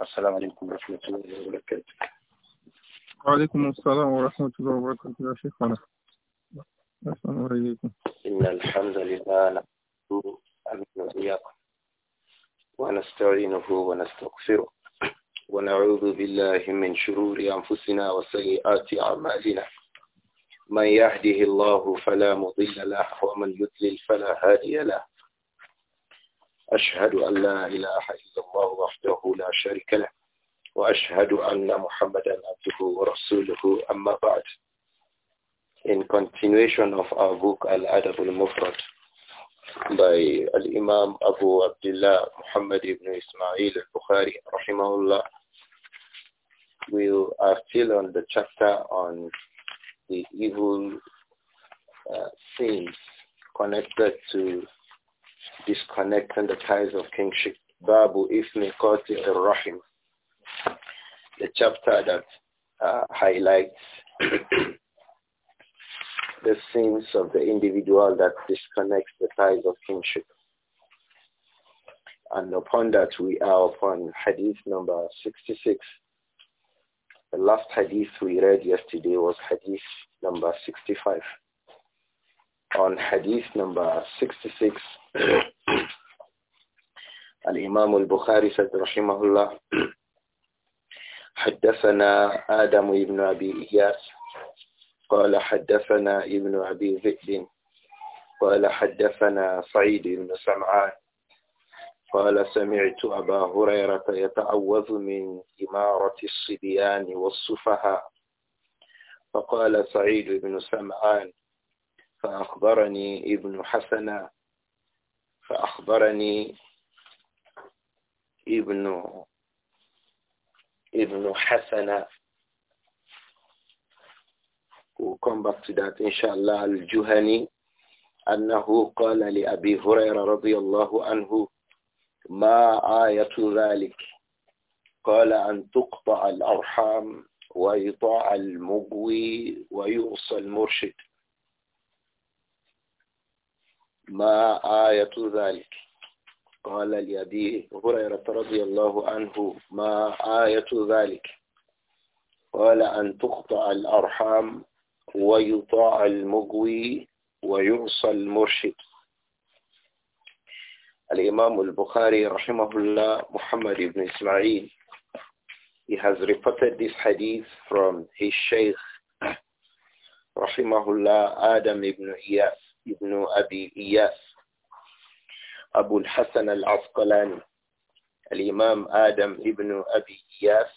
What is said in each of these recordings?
السلام عليكم ورحمة الله وبركاته وعليكم السلام ورحمة الله وبركاته يا شيخنا السلام عليكم إن الحمد لله نحمده وإياكم ونستعينه ونستغفره ونعوذ بالله من شرور أنفسنا وسيئات أعمالنا من يهده الله فلا مضل له ومن يضلل فلا هادي له أشهد أن لا إله إلا الله وحده لا شريك له وأشهد أن محمدا عبده ورسوله أما بعد In continuation of our book Al-Adab al-Mufrad by Al-Imam Abu Abdullah Muhammad ibn Ismail al-Bukhari rahimahullah we are still on the chapter on the evil uh, sins connected to Disconnecting the ties of kingship. Babu Ifni Qatik rahim The chapter that uh, highlights the sins of the individual that disconnects the ties of kinship. And upon that we are upon hadith number 66. The last hadith we read yesterday was hadith number 65. on hadith number 66. الإمام البخاري said الله حدثنا آدم بن أبي إياس قال حدثنا ابن أبي ذئب قال حدثنا سعيد بن سمعان قال سمعت أبا هريرة يتعوذ من إمارة الصبيان والسفهاء فقال سعيد بن سمعان فأخبرني ابن حسن فأخبرني ابن ابن حسن وكم come إن شاء الله الجهني أنه قال لأبي هريرة رضي الله عنه ما آية ذلك قال أن تقطع الأرحام ويطاع المقوي ويوصى المرشد ما آية ذلك قال اليدي هريرة رضي الله عنه ما آية ذلك قال أن تقطع الأرحام ويطاع المغوي ويعصى المرشد الإمام البخاري رحمه الله محمد بن إسماعيل he has reported this hadith from his sheikh رحمه الله Adam ibn إياس ibn Abi Iyas, Abu al-Hasan al-Asqalani, al-Imam Adam ibn Abi Iyas.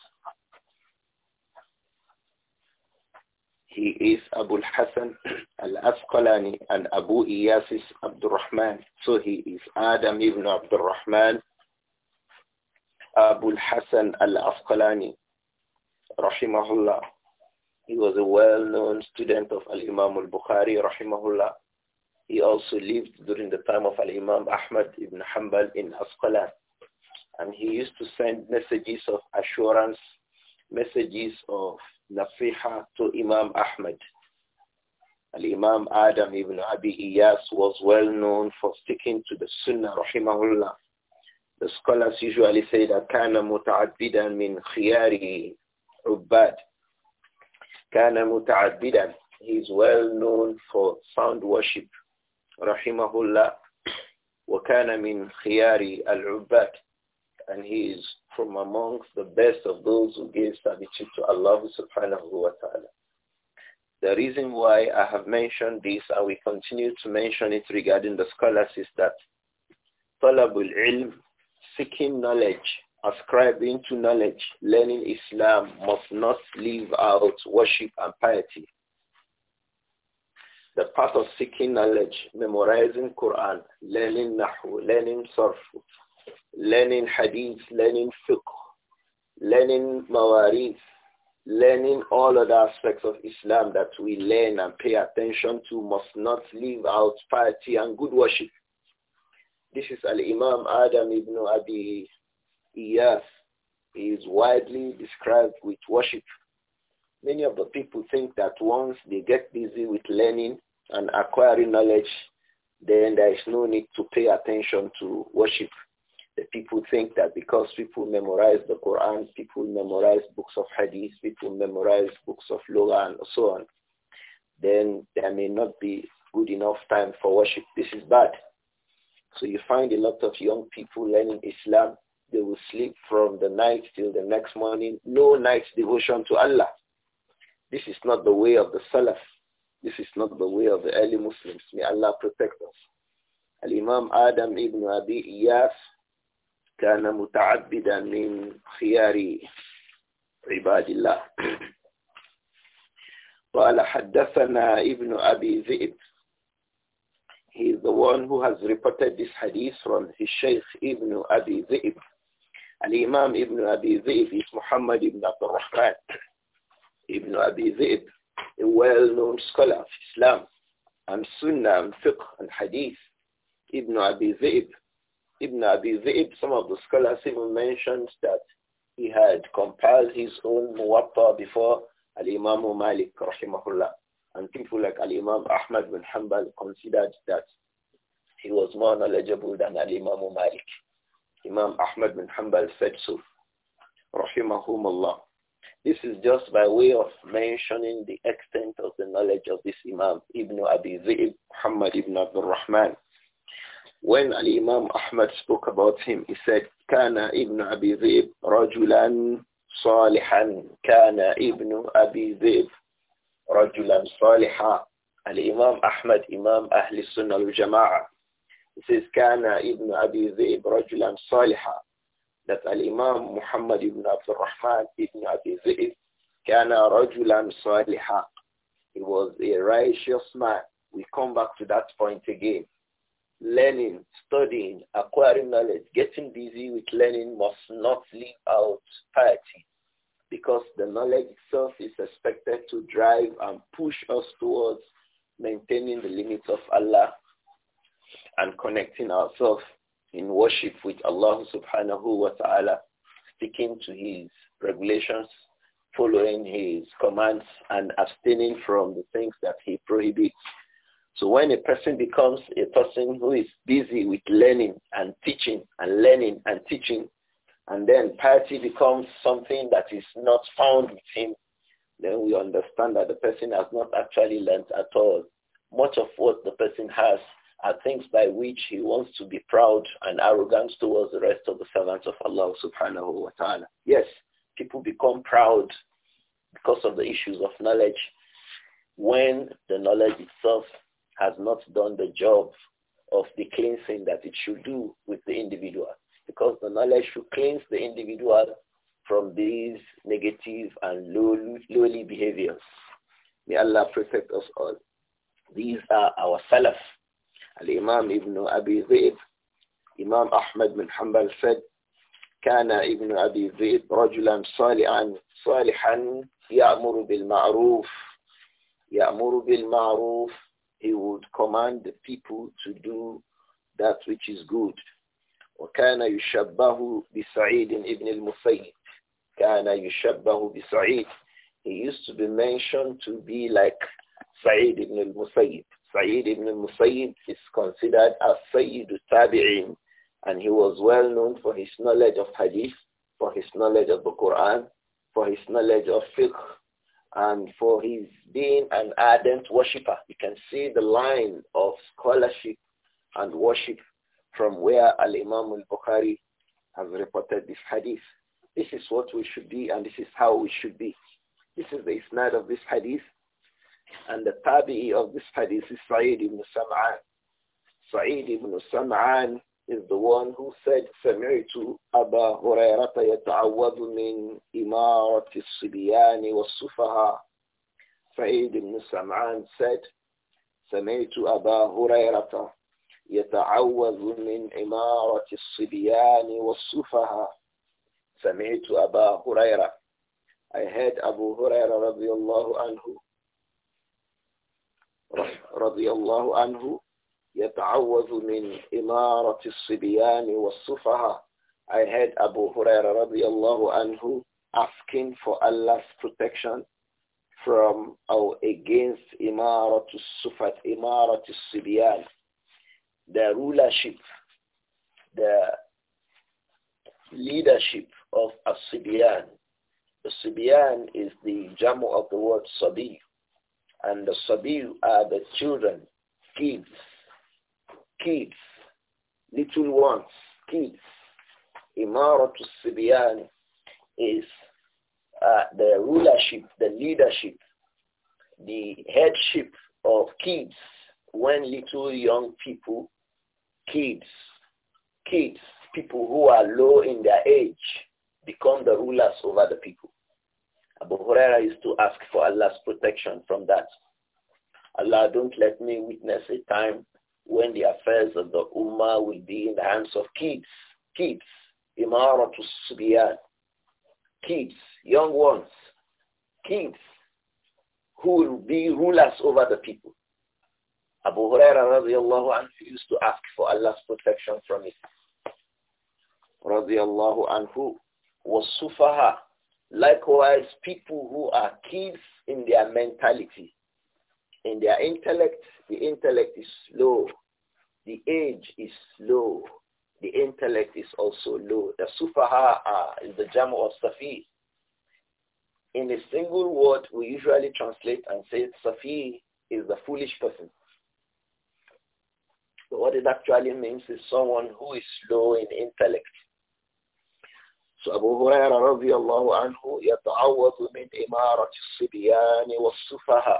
He is Abu al-Hasan al-Asqalani and Abu Iyas is Abdurrahman. So he is Adam ibn Abdurrahman, Abu al-Hasan al-Asqalani, rahimahullah. He was a well-known student of Al-Imam al-Bukhari, rahimahullah. He also lived during the time of Al-Imam Ahmad ibn Hanbal in Asqalan. And he used to send messages of assurance, messages of nasiha to Imam Ahmad. Al-Imam Adam ibn Abi Iyas was well known for sticking to the Sunnah, rahimahullah. The scholars usually say that كان متعبدا من خياره عباد. كان متعبدا. He is well known for sound worship. رحمه الله وكان من خيار العباد and he is from amongst the best of those who gave servitude to Allah subhanahu wa ta'ala. The reason why I have mentioned this and we continue to mention it regarding the scholars is that talabul ilm, seeking knowledge, ascribing to knowledge, learning Islam must not leave out worship and piety. The part of seeking knowledge, memorizing Quran, learning Nahu, learning Sarf, learning Hadith, learning Fiqh, learning Mawarith, learning all other aspects of Islam that we learn and pay attention to must not leave out piety and good worship. This is Al-Imam Adam ibn Abi Iyas. He is widely described with worship. Many of the people think that once they get busy with learning, and acquiring knowledge, then there is no need to pay attention to worship. The people think that because people memorize the Quran, people memorize books of Hadith, people memorize books of Loga and so on, then there may not be good enough time for worship. This is bad. So you find a lot of young people learning Islam. They will sleep from the night till the next morning. No night devotion to Allah. This is not the way of the Salaf. This is not the way of the early Muslims. May Allah protect us. Al-Imam Adam ibn Abi Iyas كان متعبدا من خيار عباد الله قال حدثنا ابن أبي ذئب He is the one who has reported this hadith from his Shaykh Ibn Abi Zaib. Al-Imam Ibn Abi Zaib is Muhammad Ibn Abdul Rahman Ibn Abi Zaib a well-known scholar of Islam and Sunnah and Fiqh and Hadith, Ibn Abi Zaib. Ibn Abi Zaib, some of the scholars even mentioned that he had compiled his own Muwatta before Al-Imam Malik, rahimahullah. And people like Al-Imam Ahmad bin Hanbal considered that he was more knowledgeable than Al-Imam Malik. Imam Ahmad bin Hanbal said so, rahimahumullah. This is just by way of mentioning the extent of the knowledge of this Imam Ibn Abi Zayd, Muhammad Ibn Abdul Rahman. When Al Imam Ahmad spoke about him, he said, "Kana Ibn Abi Zayd rajulan salihan." Kana Ibn Abi Zayd rajulan salihan. Al Imam Ahmad, Imam Ahl Sunnah al Jama'ah. says, "Kana Ibn Abi Zayd rajulan salihan." that Al-Imam Muhammad ibn Abdul Rahman ibn Abi Zayd He was a righteous man. We come back to that point again. Learning, studying, acquiring knowledge, getting busy with learning must not leave out piety because the knowledge itself is expected to drive and push us towards maintaining the limits of Allah and connecting ourselves in worship with Allah subhanahu wa ta'ala, sticking to his regulations, following his commands and abstaining from the things that he prohibits. So when a person becomes a person who is busy with learning and teaching and learning and teaching, and then piety becomes something that is not found with him, then we understand that the person has not actually learnt at all. Much of what the person has are things by which he wants to be proud and arrogant towards the rest of the servants of Allah subhanahu wa ta'ala. Yes, people become proud because of the issues of knowledge when the knowledge itself has not done the job of the cleansing that it should do with the individual because the knowledge should cleanse the individual from these negative and low, lowly behaviors. May Allah protect us all. These are our salaf الإمام ابن أبي ذئب إمام أحمد بن حنبل said كان ابن أبي ذئب رجلا صالحا صالحا يأمر بالمعروف يأمر بالمعروف he would command the people to do that which is good وكان يشبه بسعيد ابن المسيب كان يشبه بسعيد he used to be mentioned to be like سعيد ابن المسيب Sayyid ibn Musayyib is considered as Sayyid al-Tabi'in and he was well known for his knowledge of hadith, for his knowledge of the Quran, for his knowledge of fiqh, and for his being an ardent worshipper. You can see the line of scholarship and worship from where Al-Imam al-Bukhari has reported this hadith. This is what we should be and this is how we should be. This is the isnad of this hadith and the tabi'i of this hadith is Sa'id ibn Sam'an. Sa'id ibn Sam'an is the one who said, سمعت أبا هريرة يتعوذ من إمارة الصبيان والسفهاء. Sa'id ibn Sam'an said, سمعت أبا هريرة يتعوذ من إمارة الصبيان والسفهاء. سمعت أبا هريرة. I heard Abu Huraira رضي الله عنه يتعوذ من إمارة الصبيان والسفهاء I heard Abu Huraira رضي الله عنه asking for Allah's protection from or against إمارة imara إمارة الصبيان the rulership the leadership of Asibiyan. Asibiyan is the jamu of the word Sabi, and the sabil are the children, kids, kids, little ones, kids. Imaratu Sibiyan is uh, the rulership, the leadership, the headship of kids when little young people, kids, kids, people who are low in their age become the rulers over the people. Abu Huraira used to ask for Allah's protection from that. Allah, don't let me witness a time when the affairs of the Ummah will be in the hands of kids. Kids. Imaratu Subiyan. Kids. Young ones. Kids. Who will be rulers over the people. Abu Huraira radiallahu anhu used to ask for Allah's protection from it. Radiallahu anhu was sufaha Likewise, people who are kids in their mentality, in their intellect, the intellect is low. The age is low. The intellect is also low. The sufaha is the jam of safi. In a single word, we usually translate and say safi is the foolish person. But what it actually means is someone who is low in intellect so Abu Huraira radiallahu anhu, يَتَعَوَّضُ مِنْ إِمَارَةِ الصِّبْيَانِ وَالسُّفَهَا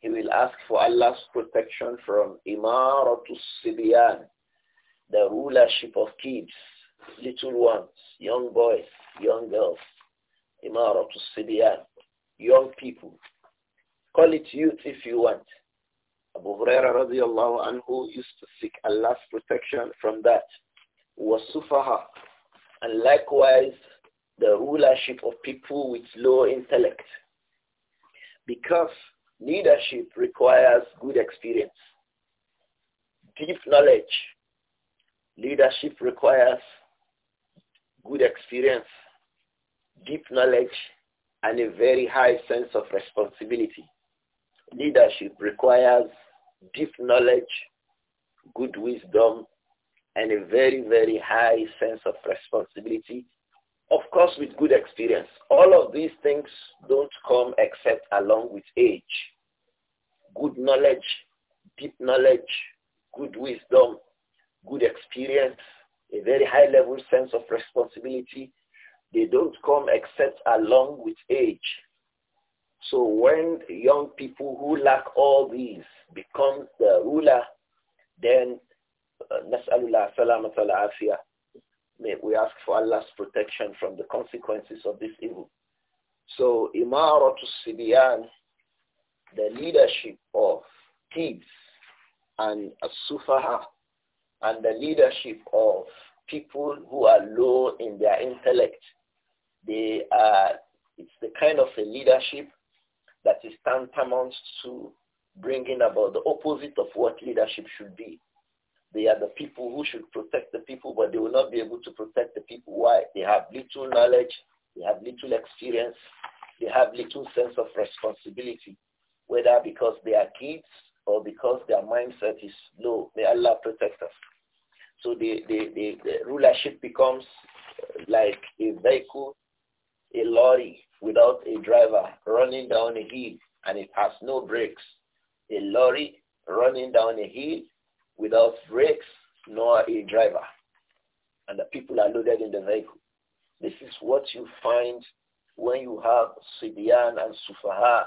He will ask for Allah's protection from إِمَارَةُ الصِّبْيَانِ The rulership of kids, little ones, young boys, young girls. إِمَارَةُ الصِّبْيَانِ Young people. Call it youth if you want. Abu Huraira radiallahu anhu used to seek Allah's protection from that. وَالسُّفَهَا and likewise the rulership of people with low intellect. Because leadership requires good experience, deep knowledge. Leadership requires good experience, deep knowledge, and a very high sense of responsibility. Leadership requires deep knowledge, good wisdom, and a very, very high sense of responsibility, of course with good experience. All of these things don't come except along with age. Good knowledge, deep knowledge, good wisdom, good experience, a very high level sense of responsibility, they don't come except along with age. So when young people who lack all these become the ruler, then Nas'alullah salamat al-afiyah. We ask for Allah's protection from the consequences of this evil. So Imaratul Sibiyan, the leadership of kids and Sufaha, and the leadership of people who are low in their intellect, they are, it's the kind of a leadership that is tantamount to bringing about the opposite of what leadership should be. They are the people who should protect the people, but they will not be able to protect the people. Why? They have little knowledge. They have little experience. They have little sense of responsibility, whether because they are kids or because their mindset is low. May Allah protect us. So the, the, the, the rulership becomes uh, like a vehicle, a lorry without a driver running down a hill and it has no brakes. A lorry running down a hill without brakes nor a driver. And the people are loaded in the vehicle. This is what you find when you have Sibian and Sufaha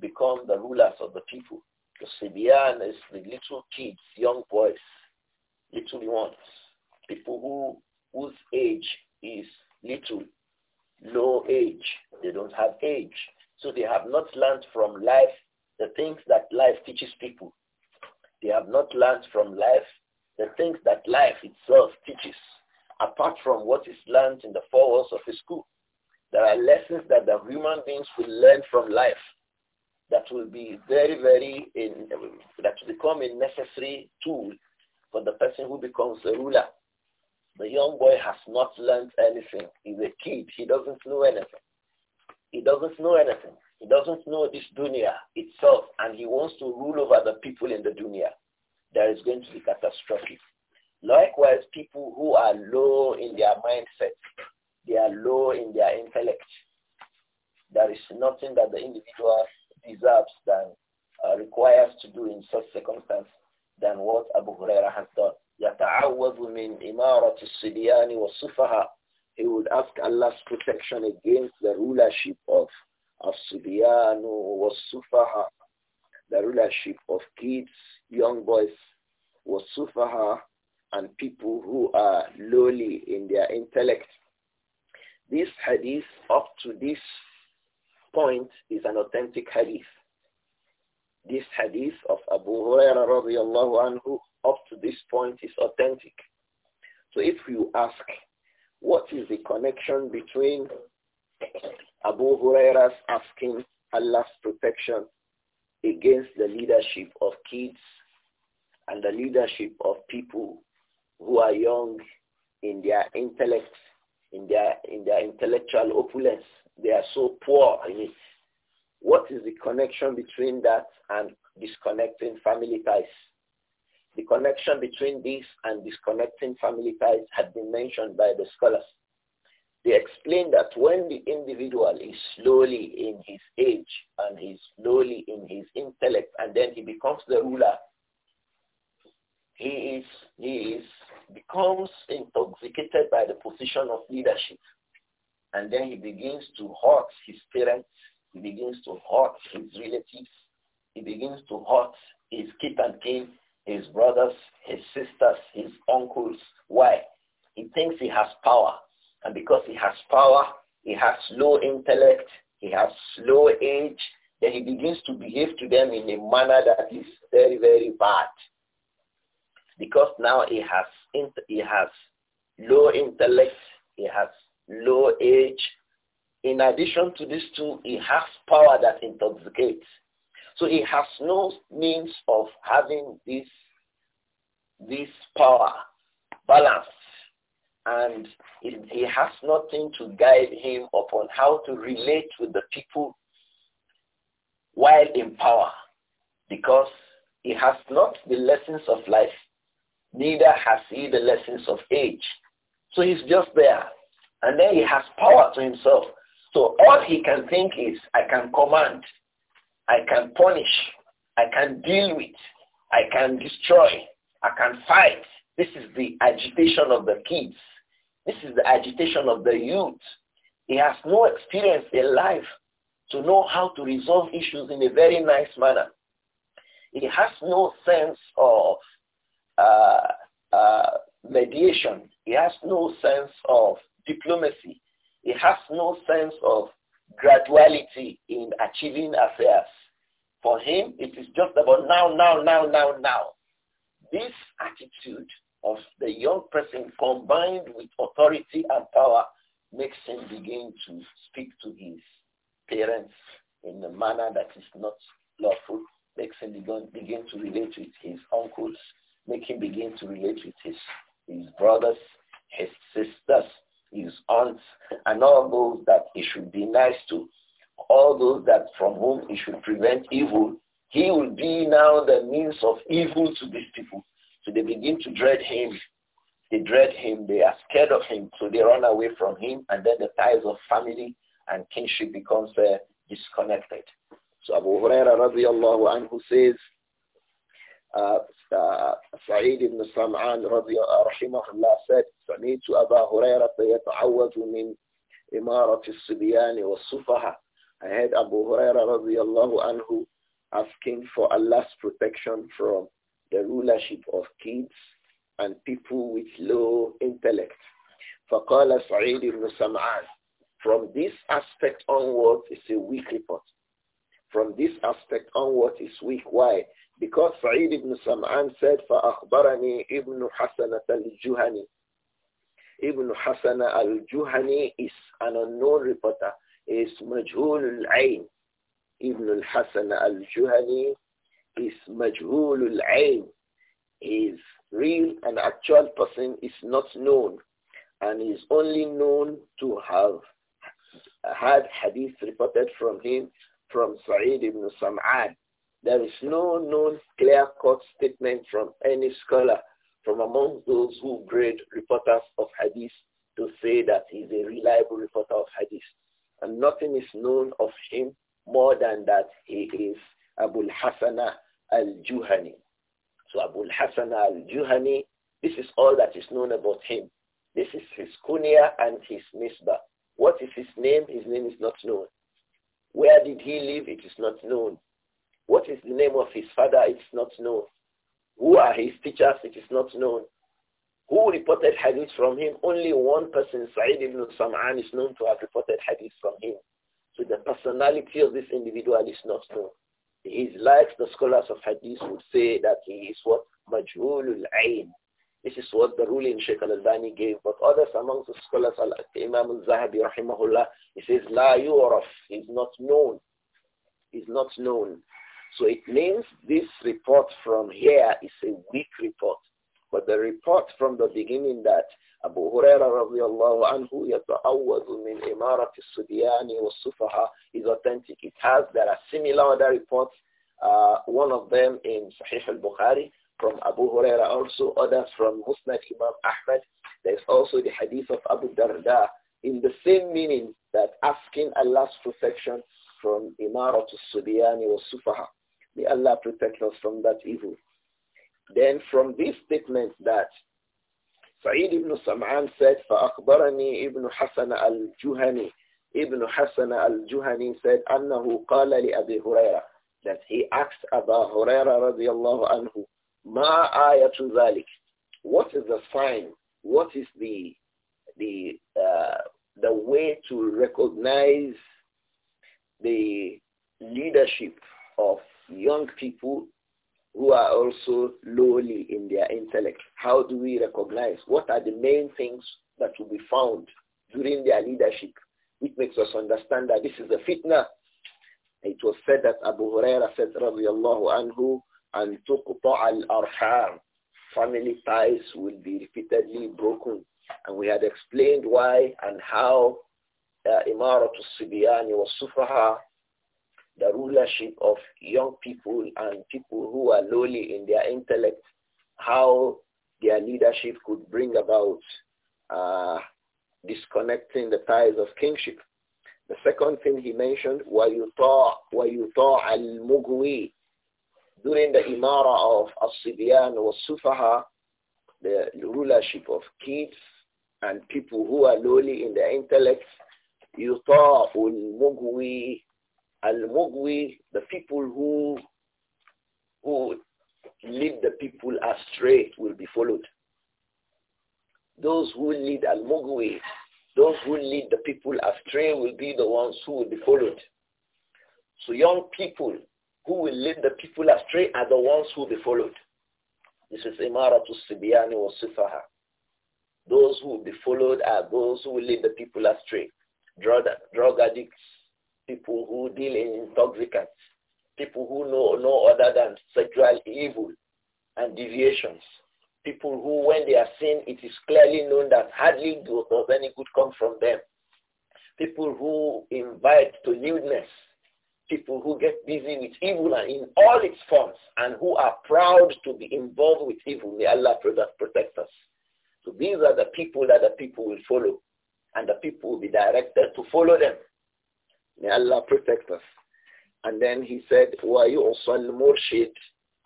become the rulers of the people. The Sibian is the little kids, young boys, little ones, people who, whose age is little, no age. They don't have age. So they have not learned from life the things that life teaches people. They have not learned from life the things that life itself teaches, apart from what is learned in the four walls of a school. There are lessons that the human beings will learn from life that will be very, very, in, that will become a necessary tool for the person who becomes a ruler. The young boy has not learned anything. He's a kid. He doesn't know anything. He doesn't know anything. He doesn't know this dunya itself and he wants to rule over the people in the dunya. There is going to be catastrophic. Likewise, people who are low in their mindset, they are low in their intellect. There is nothing that the individual deserves than uh, requires to do in such circumstances than what Abu Huraira has done. يَتَعَوَّذُ مِنْ إِمَارَةِ الصِّبْيَانِ وَالسُّفَهَا He would ask Allah's protection against the rulership of of sibiyanu was Sufaha, the rulership of kids, young boys, was Sufaha, and people who are lowly in their intellect. This hadith up to this point is an authentic hadith. This hadith of Abu Huraira radiallahu anhu up to this point is authentic. So if you ask, what is the connection between Abu Huraira's asking Allah's protection against the leadership of kids and the leadership of people who are young in their intellect, in their, in their intellectual opulence. They are so poor in it. What is the connection between that and disconnecting family ties? The connection between this and disconnecting family ties had been mentioned by the scholars. They explain that when the individual is slowly in his age and he's slowly in his intellect and then he becomes the ruler, he is, he is, becomes intoxicated by the position of leadership. And then he begins to hurt his parents. He begins to hurt his relatives. He begins to hurt his kith and kin, his brothers, his sisters, his uncles. Why? He thinks he has power. And because he has power, he has low intellect, he has low age, then he begins to behave to them in a manner that is very, very bad. Because now he has, he has low intellect, he has low age. In addition to these two, he has power that intoxicates. So he has no means of having this, this power balance and he has nothing to guide him upon how to relate with the people while in power because he has not the lessons of life, neither has he the lessons of age. So he's just there. And then he has power to himself. So all he can think is, I can command, I can punish, I can deal with, I can destroy, I can fight. This is the agitation of the kids this is the agitation of the youth. He has no experience in life to know how to resolve issues in a very nice manner. He has no sense of uh, uh, mediation. He has no sense of diplomacy. He has no sense of graduality in achieving affairs. For him, it is just about now, now, now, now, now. This attitude of the young person combined with authority and power makes him begin to speak to his parents in a manner that is not lawful, makes him begin, begin to relate with his uncles, make him begin to relate with his, his brothers, his sisters, his aunts, and all those that he should be nice to, all those that from whom he should prevent evil, he will be now the means of evil to these people. So they begin to dread him. They dread him. They are scared of him. So they run away from him. And then the ties of family and kinship becomes uh, disconnected. So Abu Huraira radiallahu anhu says, uh, uh, Sa'id ibn Sam'an uh, rahimahullah said, سمعت أبا هريرة يتعوذ من إمارة الصبيان والسفهاء. I heard Abu Huraira radiallahu anhu asking for Allah's protection from the rulership of kids and people with low intellect. فقال سعيد بن From this aspect onwards is a weak report. From this aspect onwards is weak. Why? Because Sa'id ibn Sam'an said, فَأَخْبَرَنِي Ibn حَسَنَةَ الْجُهَنِي Ibn Hasan al-Juhani is an unknown reporter. is Majhul al-Ain. Ibn al-Hasan al-Juhani is majhulul ayn. His real and actual person is not known and is only known to have had hadith reported from him from Sa'id ibn Samad. There is no known clear-cut statement from any scholar from among those who grade reporters of hadith to say that he is a reliable reporter of hadith. And nothing is known of him more than that he is Abu al al-Juhani. So Abu al al-Juhani, this is all that is known about him. This is his kunya and his nisbah. What is his name? His name is not known. Where did he live? It is not known. What is the name of his father? It is not known. Who are his teachers? It is not known. Who reported hadith from him? Only one person, Sa'id ibn Sam'an, is known to have reported hadith from him. So the personality of this individual is not known. His like the scholars of hadith would say that he is what? Majhulul ayn. This is what the ruling Sheikh al-Albani gave, but others amongst the scholars, like Imam al-Zahabi rahimahullah, he says, La yu'raf, he's not known. He's not known. So it means this report from here is a weak report. But the report from the beginning that Abu Huraira رضي الله عنه min imarati إمارة wa والصفحة is authentic. It has, there are similar other reports, uh, one of them in Sahih al-Bukhari from Abu Huraira also, others from Musnad Imam Ahmad. There's also the hadith of Abu Darda in the same meaning that asking Allah's protection from to sudiyani or sufaha. May Allah protect us from that evil. Then from this statement that Sa'id ibn Sam'an said, فَأَخْبَرَنِي ibn Hasan al-Juhani. Ibn Hasan al-Juhani said, أَنَّهُ قَالَ لِأَبِي هُرَيْرَةَ That he asked Abu Huraira radiallahu anhu, مَا آيَةُ ذَلِكَ What is the sign? What is the, the, uh, the way to recognize the leadership of young people who are also lowly in their intellect. How do we recognize? What are the main things that will be found during their leadership? Which makes us understand that this is a fitna. It was said that Abu Huraira said, radiallahu anhu, and tuqta al-arham. Family ties will be repeatedly broken. And we had explained why and how uh, Imaratu Sibiyani was Sufaha the rulership of young people and people who are lowly in their intellect, how their leadership could bring about uh, disconnecting the ties of kingship. The second thing he mentioned, وَيُطَاعَ الْمُغْوِي During the imara of As-Sibyan was-Sufaha, the rulership of kids and people who are lowly in their intellect, يُطَاعُ الْمُغْوِي Al-Mughwi, the people who, who lead the people astray will be followed. Those who lead Al-Mughwi, those who lead the people astray will be the ones who will be followed. So young people who will lead the people astray are the ones who will be followed. This is Imaratu Sibiyani wa Sifaha. Those who will be followed are those who will lead the people astray. Drug, drug addicts, people who deal in intoxicants, people who know no other than sexual evil and deviations, people who when they are seen, it is clearly known that hardly does any good come from them, people who invite to lewdness, people who get busy with evil and in all its forms and who are proud to be involved with evil. May Allah protect us. So these are the people that the people will follow and the people will be directed to follow them. May Allah protect us. And then he said, are you al الْمُرْشِدِ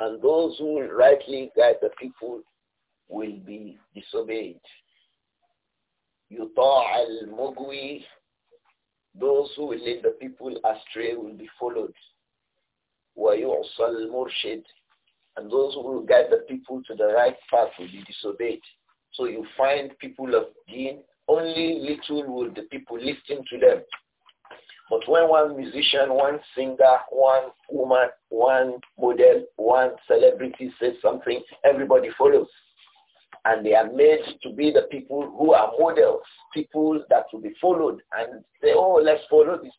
And those who rightly guide the people will be disobeyed. al الْمُغْوِي Those who will lead the people astray will be followed. al الْمُرْشِدِ And those who will guide the people to the right path will be disobeyed. So you find people of deen, only little will the people listen to them. But when one musician, one singer, one woman, one model, one celebrity says something, everybody follows. And they are made to be the people who are models, people that will be followed. And say, oh, let's follow this.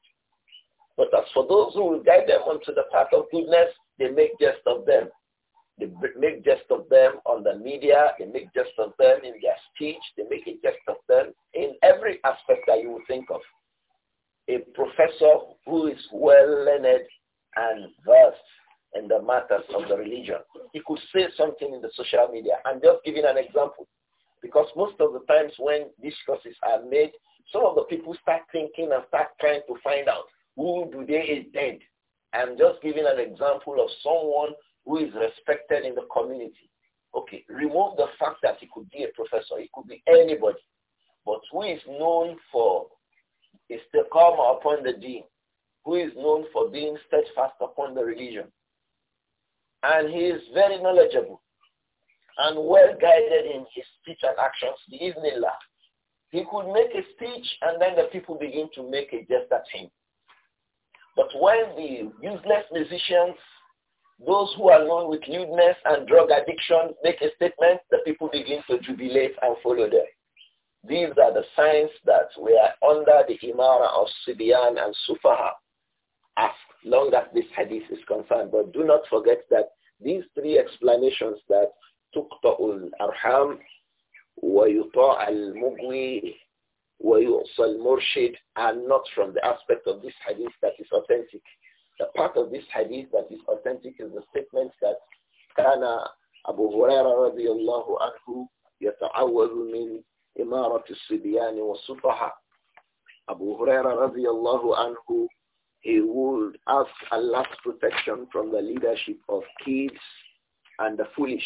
But as for those who will guide them onto the path of goodness, they make jest of them. They make jest of them on the media. They make jest of them in their speech. They make a jest of them in every aspect that you think of a professor who is well learned and versed in the matters of the religion. He could say something in the social media. I'm just giving an example because most of the times when discourses are made, some of the people start thinking and start trying to find out who do they is dead. I'm just giving an example of someone who is respected in the community. Okay, remove the fact that he could be a professor, he could be anybody, but who is known for istiqama upon the deen, who is known for being steadfast upon the religion. And he is very knowledgeable and well guided in his speech and actions, the Iznillah. He could make a speech and then the people begin to make a jest at him. But when the useless musicians, those who are known with lewdness and drug addiction, make a statement, the people begin to jubilate and follow them. These are the signs that we are under the imara of Sibian and Sufaha as long as this hadith is concerned. But do not forget that these three explanations that تقطع الأرحام ويطاع المغوي ويعصى المرشد are not from the aspect of this hadith that is authentic. The part of this hadith that is authentic is the statement that كان أبو هريرة رضي الله عنه يتعوذ من إمارة الصبيان والسفهاء Abu Huraira radiallahu anhu, he would ask Allah's protection from the leadership of kids and the foolish,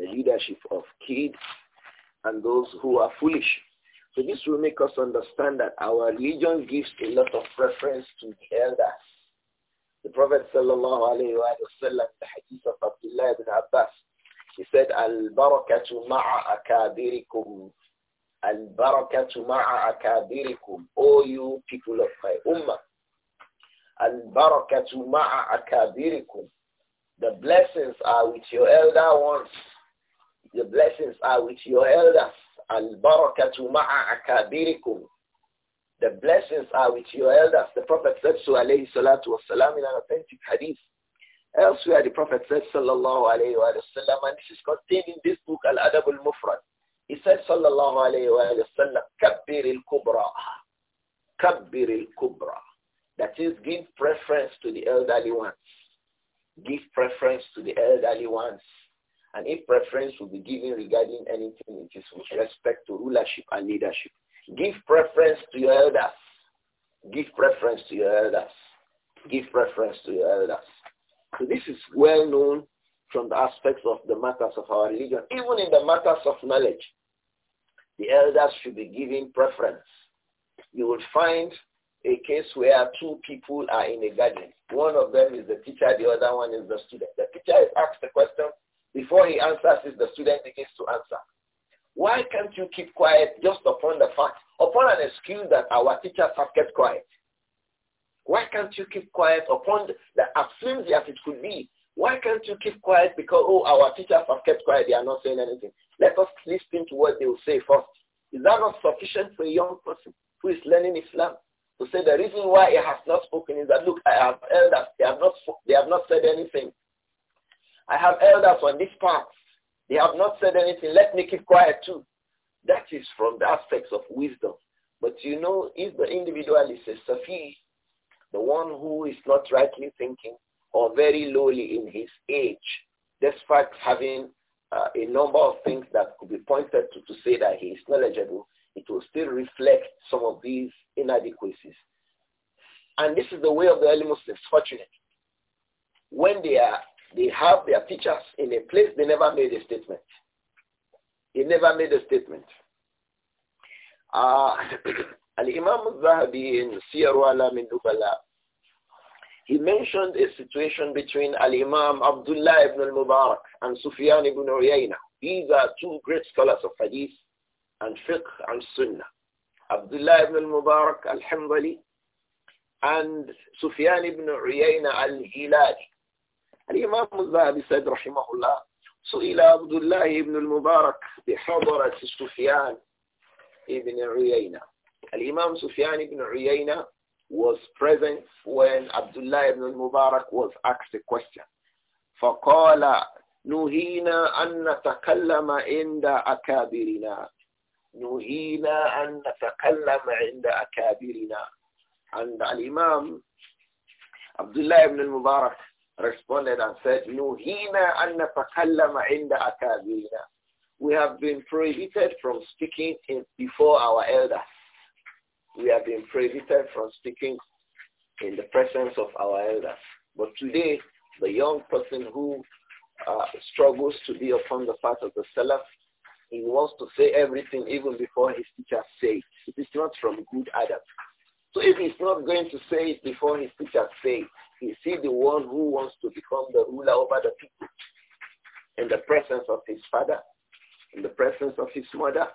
the leadership of kids and those who are foolish. So this will make us understand that our religion gives a lot of preference to the elders. The Prophet sallallahu alayhi wa sallam, the hadith of Abdullah ibn Abbas, he said, Al-barakatu ma'a akabirikum Al-barakatu ma'a akabirikum, O you people of my ummah. Al-barakatu ma'a akabirikum. The blessings are with your elder ones. The blessings are with your elders. Al-barakatu ma'a akabirikum. The blessings are with your elders. The Prophet said so, alayhi salatu wasalam, in an authentic hadith. Elsewhere, the Prophet said, sallallahu alayhi wa sallam, and this is contained in this book, Al-Adab al-Mufrad. He said, sallallahu alayhi wa sallam, kabbir al-kubra. Kabbir al-kubra. That is, give preference to the elderly ones. Give preference to the elderly ones. And if preference will be given regarding anything, it is with respect to rulership and leadership. Give preference to your elders. Give preference to your elders. Give preference to your elders. So this is well known from the aspects of the matters of our religion, even in the matters of knowledge. The elders should be given preference. You will find a case where two people are in a garden. One of them is the teacher, the other one is the student. The teacher is asked a question. Before he answers it, the student begins to answer. Why can't you keep quiet just upon the fact, upon an excuse that our teachers have kept quiet? Why can't you keep quiet upon the, the as flimsy as it could be why can't you keep quiet because, oh, our teachers have kept quiet, they are not saying anything. Let us listen to what they will say first. Is that not sufficient for a young person who is learning Islam? To say the reason why he has not spoken is that, look, I have elders, they have not, they have not said anything. I have elders on this path. They have not said anything. Let me keep quiet too. That is from the aspects of wisdom. But you know, if the individual is a Safi, the one who is not rightly thinking, or very lowly in his age, despite having uh, a number of things that could be pointed to to say that he is knowledgeable, it will still reflect some of these inadequacies. And this is the way of the early Muslims, fortunately. When they are, they have their teachers in a place, they never made a statement. They never made a statement. Uh, imam zahabi in Siyar he mentioned a situation between Al-Imam Abdullah ibn al-Mubarak and Sufyan ibn Uyayna. These are two great scholars of hadith and fiqh and sunnah. Abdullah ibn al-Mubarak al-Hanbali and Sufyan ibn Uyayna al-Hilali. الإمام الذهبي said رحمه الله سئل عبد الله بن المبارك بحضرة سفيان بن عيينة الإمام سفيان بن عيينة was present when Abdullah ibn Mubarak was asked a question. فَقَالَ نُهِينَا أَن نَتَكَلَّمَ عِنْدَ أَكَابِرِنَا نُهِينَا أَن نَتَكَلَّمَ عِنْدَ أَكَابِرِنَا And Al-Imam Abdullah ibn Mubarak responded and said, نُهِينَا أَن نَتَكَلَّمَ عِنْدَ أَكَابِرِنَا We have been prohibited from speaking before our elders we have been prohibited from speaking in the presence of our elders. But today, the young person who uh, struggles to be upon the path of the seller, he wants to say everything even before his teacher says it. It is not from good adab. So if he's not going to say it before his teacher says it, is he the one who wants to become the ruler over the people? In the presence of his father, in the presence of his mother,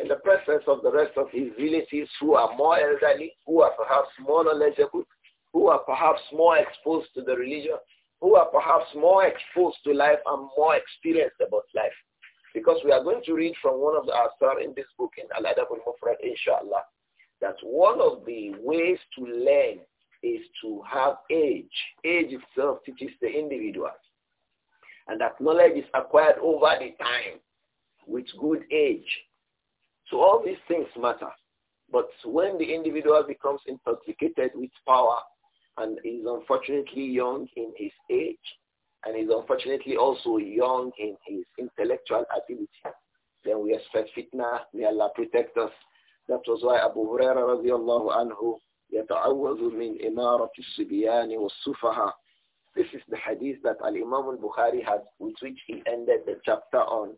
in the presence of the rest of his relatives who are more elderly, who are perhaps more knowledgeable, who are perhaps more exposed to the religion, who are perhaps more exposed to life and more experienced about life. Because we are going to read from one of the Asar in this book in al Adabul mufrad inshallah, that one of the ways to learn is to have age. Age itself teaches the individual. And that knowledge is acquired over the time with good age. So all these things matter. But when the individual becomes intoxicated with power and is unfortunately young in his age and is unfortunately also young in his intellectual ability, then we expect fitna. May Allah protect us. That was why Abu Huraira radiallahu anhu يتعوذ من إمارة الصبيان والسفهاء. This is the hadith that Al-Imam al-Bukhari had, with which he ended the chapter on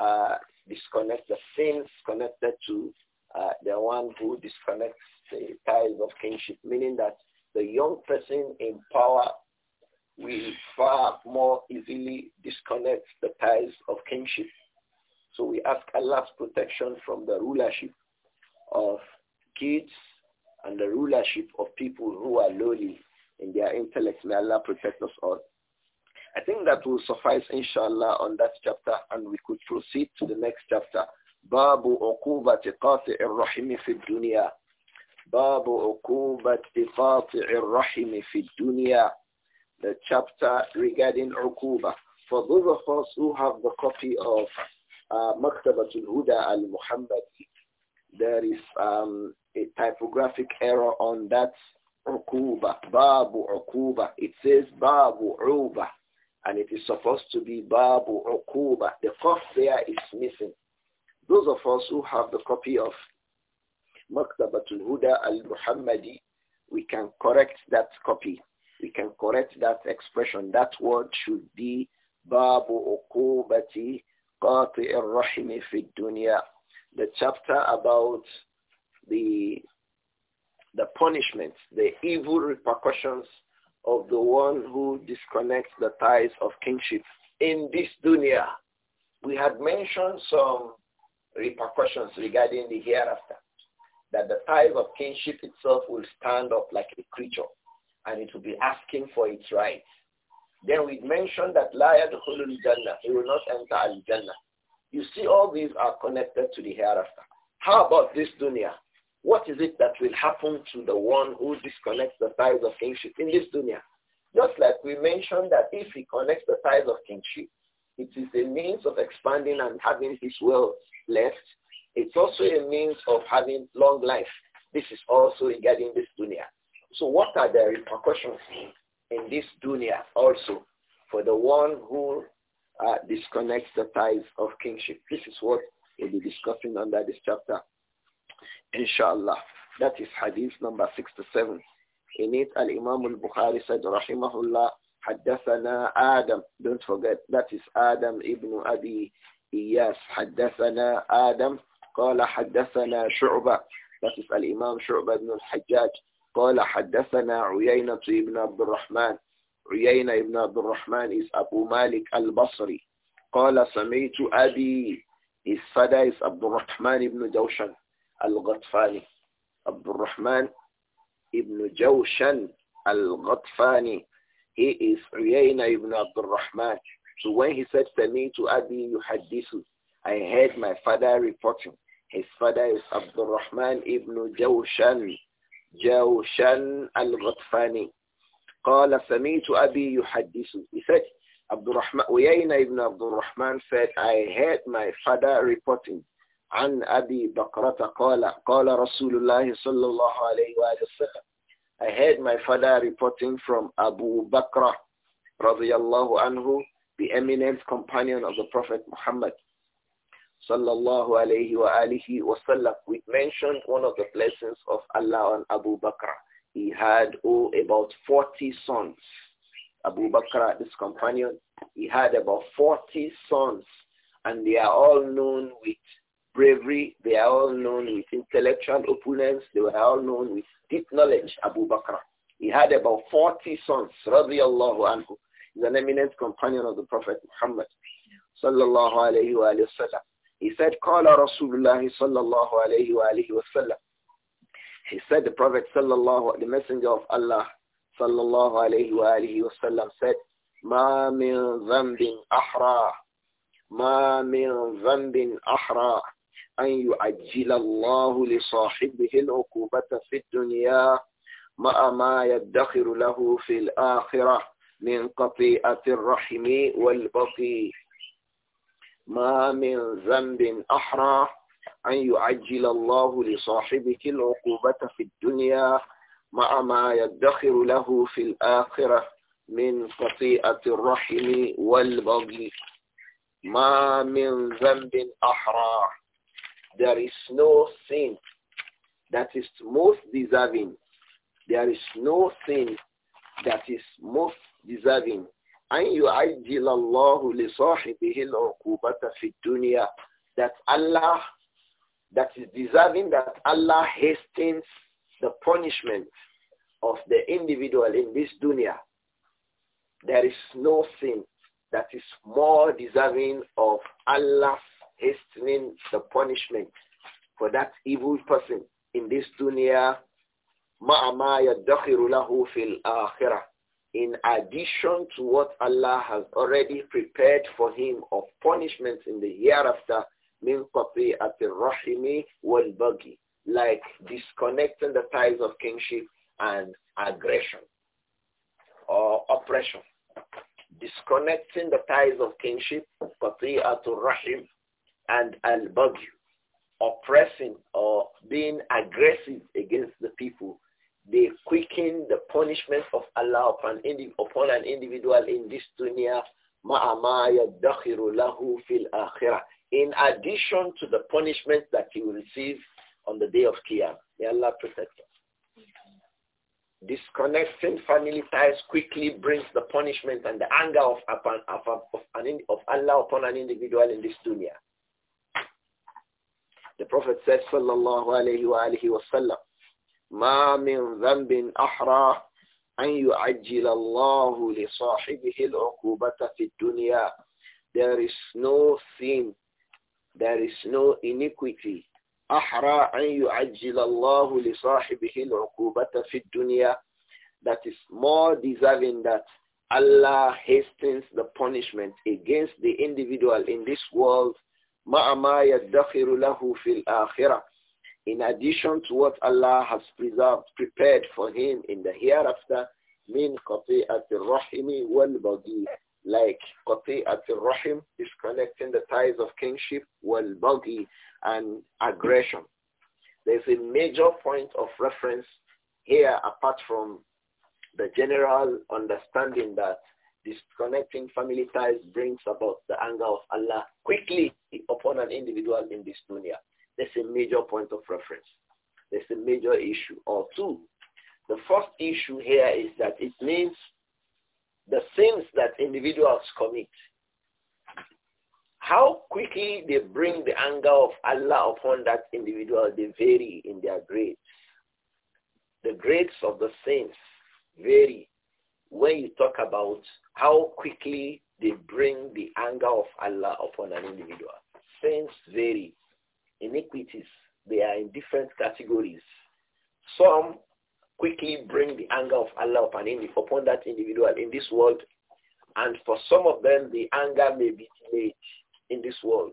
uh, disconnect the sins connected to uh, the one who disconnects the ties of kinship, meaning that the young person in power will far more easily disconnect the ties of kinship. So we ask Allah's protection from the rulership of kids and the rulership of people who are lowly in their intellect. May Allah protect us all. I think that will suffice, inshallah, on that chapter, and we could proceed to the next chapter. باب عقوبة قاطع الرحم في الدنيا باب عقوبة قاطع الرحم في dunya The chapter regarding عقوبة For those of us who have the copy of uh, Maktabatul Huda al-Muhammadi, there There is um, a typographic error on that عقوبة Babu عقوبة It says Babu عوبة and it is supposed to be Babu Uquba. The qaf there is missing. Those of us who have the copy of Maktabatul Huda al-Muhammadi, we can correct that copy. We can correct that expression. That word should be Babu Uqubati Qati'i Rahimi fi Dunya. The chapter about the the punishments, the evil repercussions of the one who disconnects the ties of kinship in this dunya. We had mentioned some repercussions regarding the hereafter, that the ties of kinship itself will stand up like a creature and it will be asking for its rights. Then we mentioned that liar, the Holy jannah, he will not enter al-jannah. You see all these are connected to the hereafter. How about this dunya? What is it that will happen to the one who disconnects the ties of kingship in this dunya? Just like we mentioned that if he connects the ties of kingship, it is a means of expanding and having his wealth left. It's also a means of having long life. This is also regarding this dunya. So what are the repercussions in this dunya also for the one who uh, disconnects the ties of kingship? This is what we'll be discussing under this chapter. Insha'Allah. That is hadith number 67. In it, Al-Imam bukhari said, Rahimahullah, Haddathana Adam. Don't forget, that is Adam ibn Abi Iyas. Haddathana Adam. Qala Haddathana Shu'ba. That is Al-Imam Shu'ba ibn al-Hajjaj. Qala Haddathana Uyayna ibn Abdul Rahman. Uyayna ibn Abdul Rahman is Abu Malik al-Basri. Qala Samitu Abi. His is Abdul Rahman ibn Dawshan. الغطفاني عبد الرحمن ابن جوشن الغطفاني he is عيينة ابن عبد الرحمن so when he said سمعت أبي يحدث I heard my father reporting his father is عبد الرحمن ابن جوشن جوشن الغطفاني قال سمعت أبي يحدث he said عبد الرحمن عيينة ابن عبد الرحمن said I heard my father reporting عن أبي بكرة قال قال رسول الله صلى الله عليه وسلم I heard my father reporting from Abu Bakr رضي الله عنه the eminent companion of the Prophet Muhammad sallallahu alayhi wa وآله وسلم. We mentioned one of the blessings of Allah on Abu Bakr. He had oh, about 40 sons. Abu Bakr, this companion, he had about 40 sons and they are all known with bravery. They are all known with intellectual opulence. They were all known with deep knowledge, Abu Bakr. He had about 40 sons, radiallahu anhu. He's an eminent companion of the Prophet Muhammad, sallallahu alayhi wa sallam. He said, قال رسول الله صلى الله عليه وآله وسلم. He said, the Prophet sallallahu, the messenger of Allah, sallallahu alayhi wasallam said, ما من ذنب أحرى ما من ذنب أحرى أن يعجل الله لصاحبه العقوبة في الدنيا مع ما يدخر له في الآخرة من قطيئة الرحم والبطيء ما من ذنب أحرى أن يعجل الله لصاحبك العقوبة في الدنيا مع ما يدخر له في الآخرة من قطيئة الرحم والبغي ما من ذنب أحرى there is no sin that is most deserving. There is no sin that is most deserving. أن يعجل الله لصاحبه العقوبة في الدنيا that Allah that is deserving that Allah hastens the punishment of the individual in this dunya. There is no sin that is more deserving of Allah's hastening the punishment for that evil person in this dunya in addition to what Allah has already prepared for him of punishments in the hereafter min at rahimi wal buggy, like disconnecting the ties of kingship and aggression or oppression disconnecting the ties of kingship qati'atul rahim and al baghi oppressing or being aggressive against the people, they quicken the punishment of Allah upon, upon an individual in this dunya in addition to the punishment that he will receive on the day of Qiyam. May Allah protect us. Disconnecting family ties quickly brings the punishment and the anger of, of, of, of Allah upon an individual in this dunya. The Prophet said, sallallahu alayhi wa wa sallam, مَا مِنْ ذَنْبٍ أَحْرَى أَنْ يُعَجِّلَ اللَّهُ لِصَاحِبِهِ الْعُقُوبَةَ فِي الدُّنْيَا There is no sin, there is no iniquity. أَحْرَى أَنْ يُعَجِّلَ اللَّهُ لِصَاحِبِهِ الْعُقُوبَةَ فِي الدُّنْيَا That is more deserving that Allah hastens the punishment against the individual in this world in addition to what Allah has preserved, prepared for him in the hereafter, مِنْ قَطِيئَةِ الرَّحِمِ وَالْبَغِيِّ Like rahim is disconnecting the ties of kinship, bagi and aggression. There's a major point of reference here apart from the general understanding that disconnecting family ties brings about the anger of Allah quickly upon an individual in this dunya. That's a major point of reference. That's a major issue or two. The first issue here is that it means the sins that individuals commit. How quickly they bring the anger of Allah upon that individual, they vary in their grades. The grades of the sins vary when you talk about how quickly they bring the anger of Allah upon an individual. Sins vary. Iniquities, they are in different categories. Some quickly bring the anger of Allah upon, upon that individual in this world. And for some of them, the anger may be delayed in this world.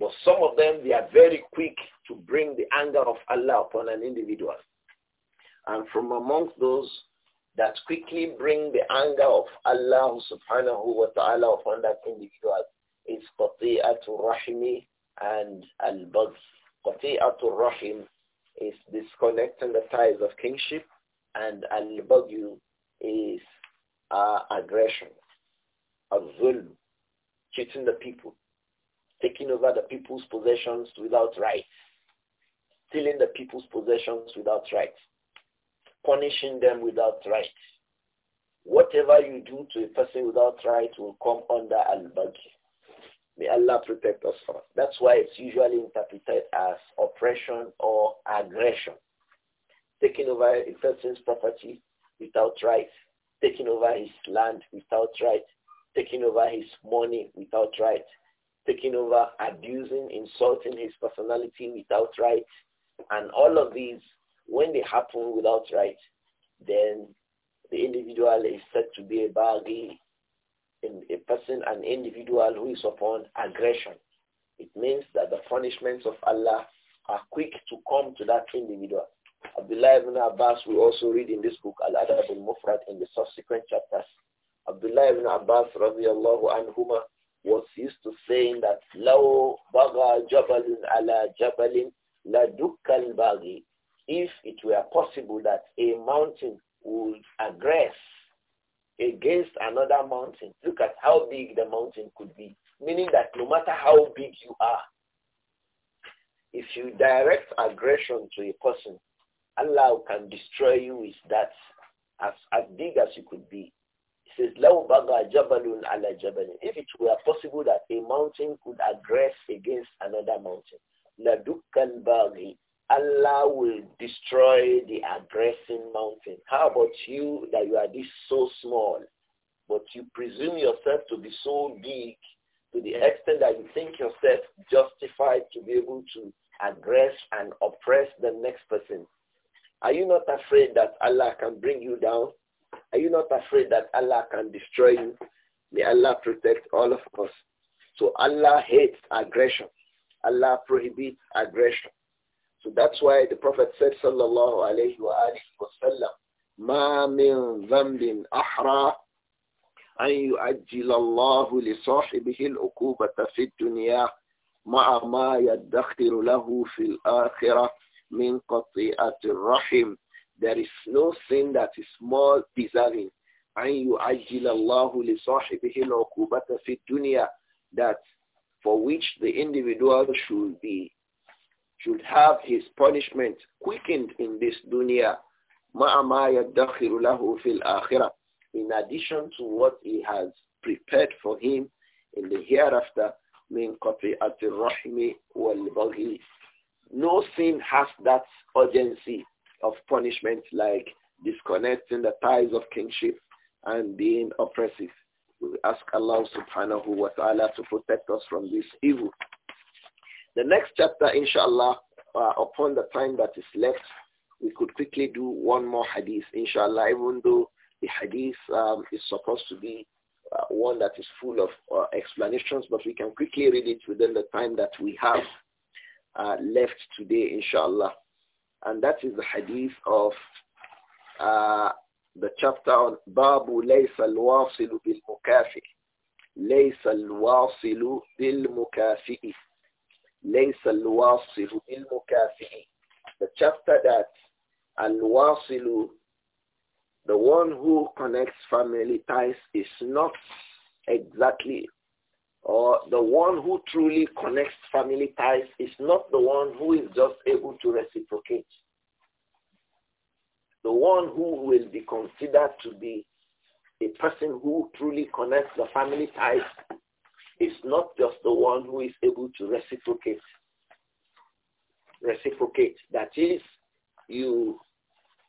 But some of them, they are very quick to bring the anger of Allah upon an individual. And from amongst those that quickly bring the anger of Allah subhanahu wa ta'ala upon that individual is Qat'i'atul rahimi and al-bagh. Qat'i'atul rahim is disconnecting the ties of kingship and al-bagh is uh, aggression, al-zulm, cheating the people, taking over the people's possessions without rights, stealing the people's possessions without rights punishing them without right. Whatever you do to a person without right will come under al-bagi. May Allah protect us from it. That's why it's usually interpreted as oppression or aggression. Taking over a person's property without right, taking over his land without right, taking over his money without right, taking over, abusing, insulting his personality without right, and all of these when they happen without right, then the individual is said to be a bagi, a person, an individual who is upon aggression. It means that the punishments of Allah are quick to come to that individual. Abdullah ibn Abbas, we also read in this book, Al-Adab al-Mufrad, in the subsequent chapters. Abdullah ibn Abbas, radiallahu anhuma, was used to saying that, لَوْ بَغَى جَبَلٌ عَلَى جَبَلٍ لَدُكَّ الْبَغِي if it were possible that a mountain would aggress against another mountain, look at how big the mountain could be. Meaning that no matter how big you are, if you direct aggression to a person, Allah can destroy you with that as, as big as you could be. He says, لَوْ بَغَى جَبَلٌ عَلَى If it were possible that a mountain could aggress against another mountain, لَدُكَّ الْبَاغِي Allah will destroy the aggressing mountain. How about you that you are this so small, but you presume yourself to be so big to the extent that you think yourself justified to be able to aggress and oppress the next person? Are you not afraid that Allah can bring you down? Are you not afraid that Allah can destroy you? May Allah protect all of us. So Allah hates aggression. Allah prohibits aggression. So that's why the Prophet said, sallallahu alayhi wa alihi wa sallam, ما من ذنب أحرى أن يؤجل الله لصاحبه العقوبة في الدنيا مع ما يدخر له في الآخرة من قطيئة الرحم. There is no sin that is more deserving. أن يؤجل الله لصاحبه العقوبة في الدنيا that for which the individual should be should have his punishment quickened in this dunya. In addition to what he has prepared for him in the hereafter, no sin has that urgency of punishment like disconnecting the ties of kinship and being oppressive. We ask Allah subhanahu wa ta'ala to protect us from this evil. The next chapter, inshallah, uh, upon the time that is left, we could quickly do one more hadith, inshallah, even though the hadith um, is supposed to be uh, one that is full of uh, explanations, but we can quickly read it within the time that we have uh, left today, inshallah. And that is the hadith of uh, the chapter on Babu Laysa al-Wasilu bil-Mukafi. Laysa al-Wasilu bil-Mukafi the chapter that al-wasilu the one who connects family ties is not exactly or the one who truly connects family ties is not the one who is just able to reciprocate. The one who will be considered to be a person who truly connects the family ties is not just the one who is able to reciprocate. Reciprocate. That is, you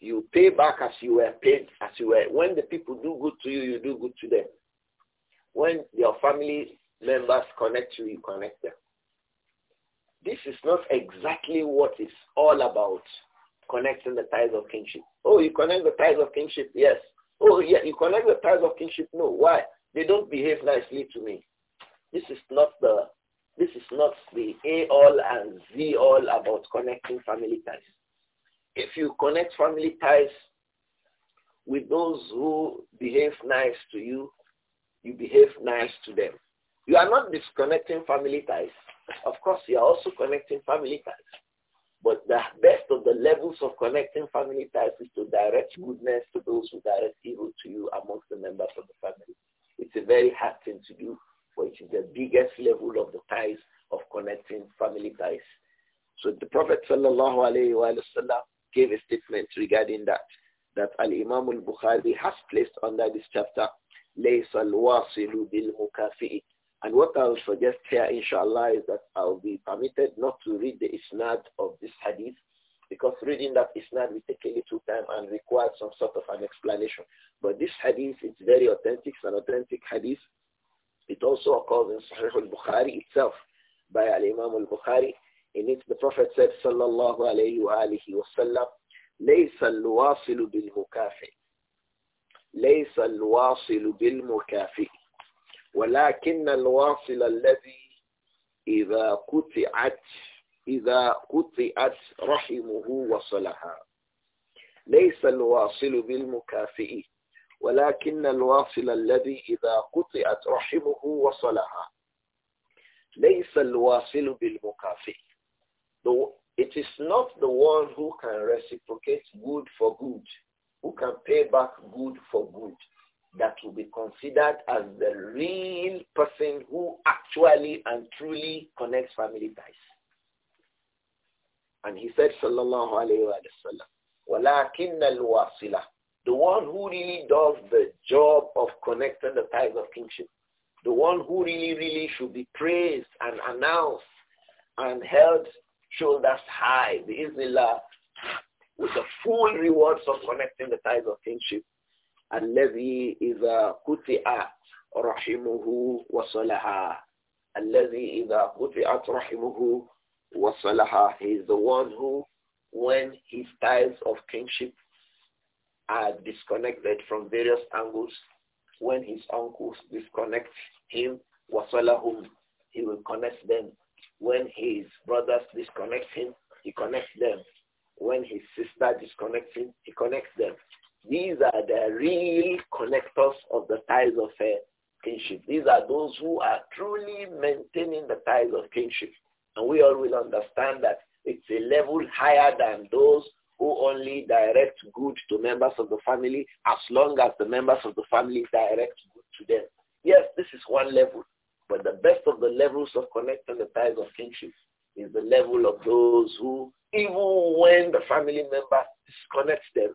you pay back as you were paid, as you were. When the people do good to you, you do good to them. When your family members connect you, you connect them. This is not exactly what it's all about, connecting the ties of kinship. Oh, you connect the ties of kinship? Yes. Oh, yeah, you connect the ties of kinship? No. Why? They don't behave nicely to me. This is not the this is not the A all and Z all about connecting family ties. If you connect family ties with those who behave nice to you, you behave nice to them. You are not disconnecting family ties. Of course, you are also connecting family ties. But the best of the levels of connecting family ties is to direct goodness to those who direct evil to you amongst the members of the family. It's a very hard thing to do which is the biggest level of the ties of connecting family ties. So the Prophet sallallahu gave a statement regarding that, that Al-Imam al-Bukhari has placed under this chapter, لَيْسَ الْوَاصِلُ بِالْمُكَافِئِ And what I'll suggest here, inshallah, is that I'll be permitted not to read the isnad of this hadith, because reading that isnad will take a little time and require some sort of an explanation. But this hadith is very authentic, it's an authentic hadith it also occurs in Sahih al-Bukhari itself by al-Imam al-Bukhari. In it, the Prophet said, sallallahu alayhi wa alihi wa sallam, ليس الواصل بالمكافئ ليس الواصل بالمكافئ ولكن الواصل الذي إذا قطعت إذا قطعت رحمه وصلها ليس الواصل بالمكافئ ولكن الواصل الذي إذا قطعت رحمه وصلها ليس الواصل بالمكافئ It is not the one who can reciprocate good for good, who can pay back good for good, that will be considered as the real person who actually and truly connects family ties. And he said, sallallahu alayhi wa sallam, وَلَكِنَّ الْوَاصِلَةِ the one who really does the job of connecting the ties of kingship. The one who really, really should be praised and announced and held shoulders high, the Isnillah, with the full rewards of connecting the ties of kingship. الذي إذا قطع رحمه وصلها الذي إذا قطعت رحمه وصلها He is the one who, when his ties of kingship are disconnected from various angles, when his uncles disconnect him, wasalahum, he will connect them. When his brothers disconnect him, he connects them. When his sister disconnects him, he connects them. These are the real connectors of the ties of kinship. These are those who are truly maintaining the ties of kinship. And we all will understand that it's a level higher than those who only direct good to members of the family as long as the members of the family direct good to them. Yes, this is one level, but the best of the levels of connecting the ties of kinship is the level of those who, even when the family member disconnects them,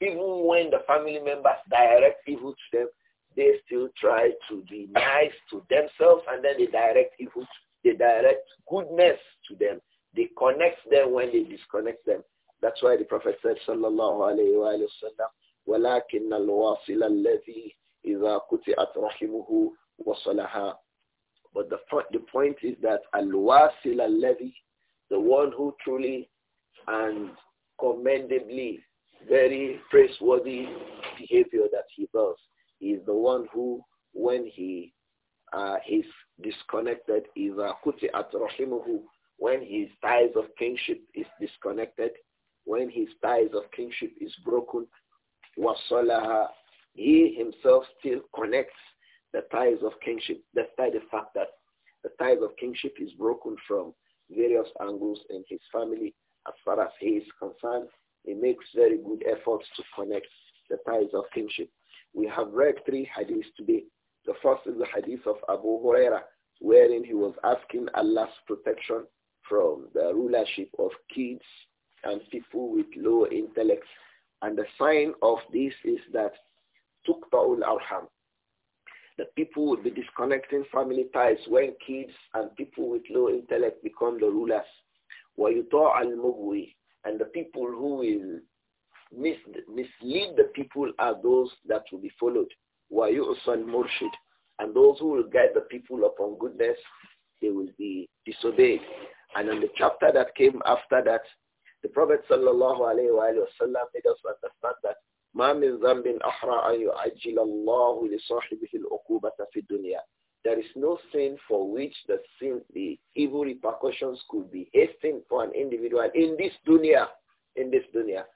even when the family members direct evil to them, they still try to be nice to themselves and then they direct evil, they direct goodness to them. They connect them when they disconnect them. That's why the Prophet said, sallallahu alayhi wa sallam, وَلَكِنَّ الْوَاصِلَ الَّذِي إِذَا قُتِعَتْ رَحِمُهُ وَصَلَهَا But the, the point is that al الذي, the one who truly and commendably, very praiseworthy behavior that he does, is the one who, when he uh, he's disconnected, إِذَا قُتِعَتْ رَحِمُهُ When his ties of kingship is disconnected, when his ties of kingship is broken, wasalaha, he himself still connects the ties of kingship, despite the fact that the ties of kingship is broken from various angles in his family. As far as he is concerned, he makes very good efforts to connect the ties of kingship. We have read three hadiths today. The first is the hadith of Abu Huraira, wherein he was asking Allah's protection from the rulership of kids and people with low intellect. And the sign of this is that tukba'ul arham. The people will be disconnecting family ties when kids and people with low intellect become the rulers. Al Mugui And the people who will mis mislead the people are those that will be followed. Al الْمُرْشِدِ And those who will guide the people upon goodness, they will be disobeyed. And in the chapter that came after that, the Prophet sallallahu alayhi wa made us that There is no sin for which the sin, the evil repercussions could be hastened for an individual in this dunya, in this dunya.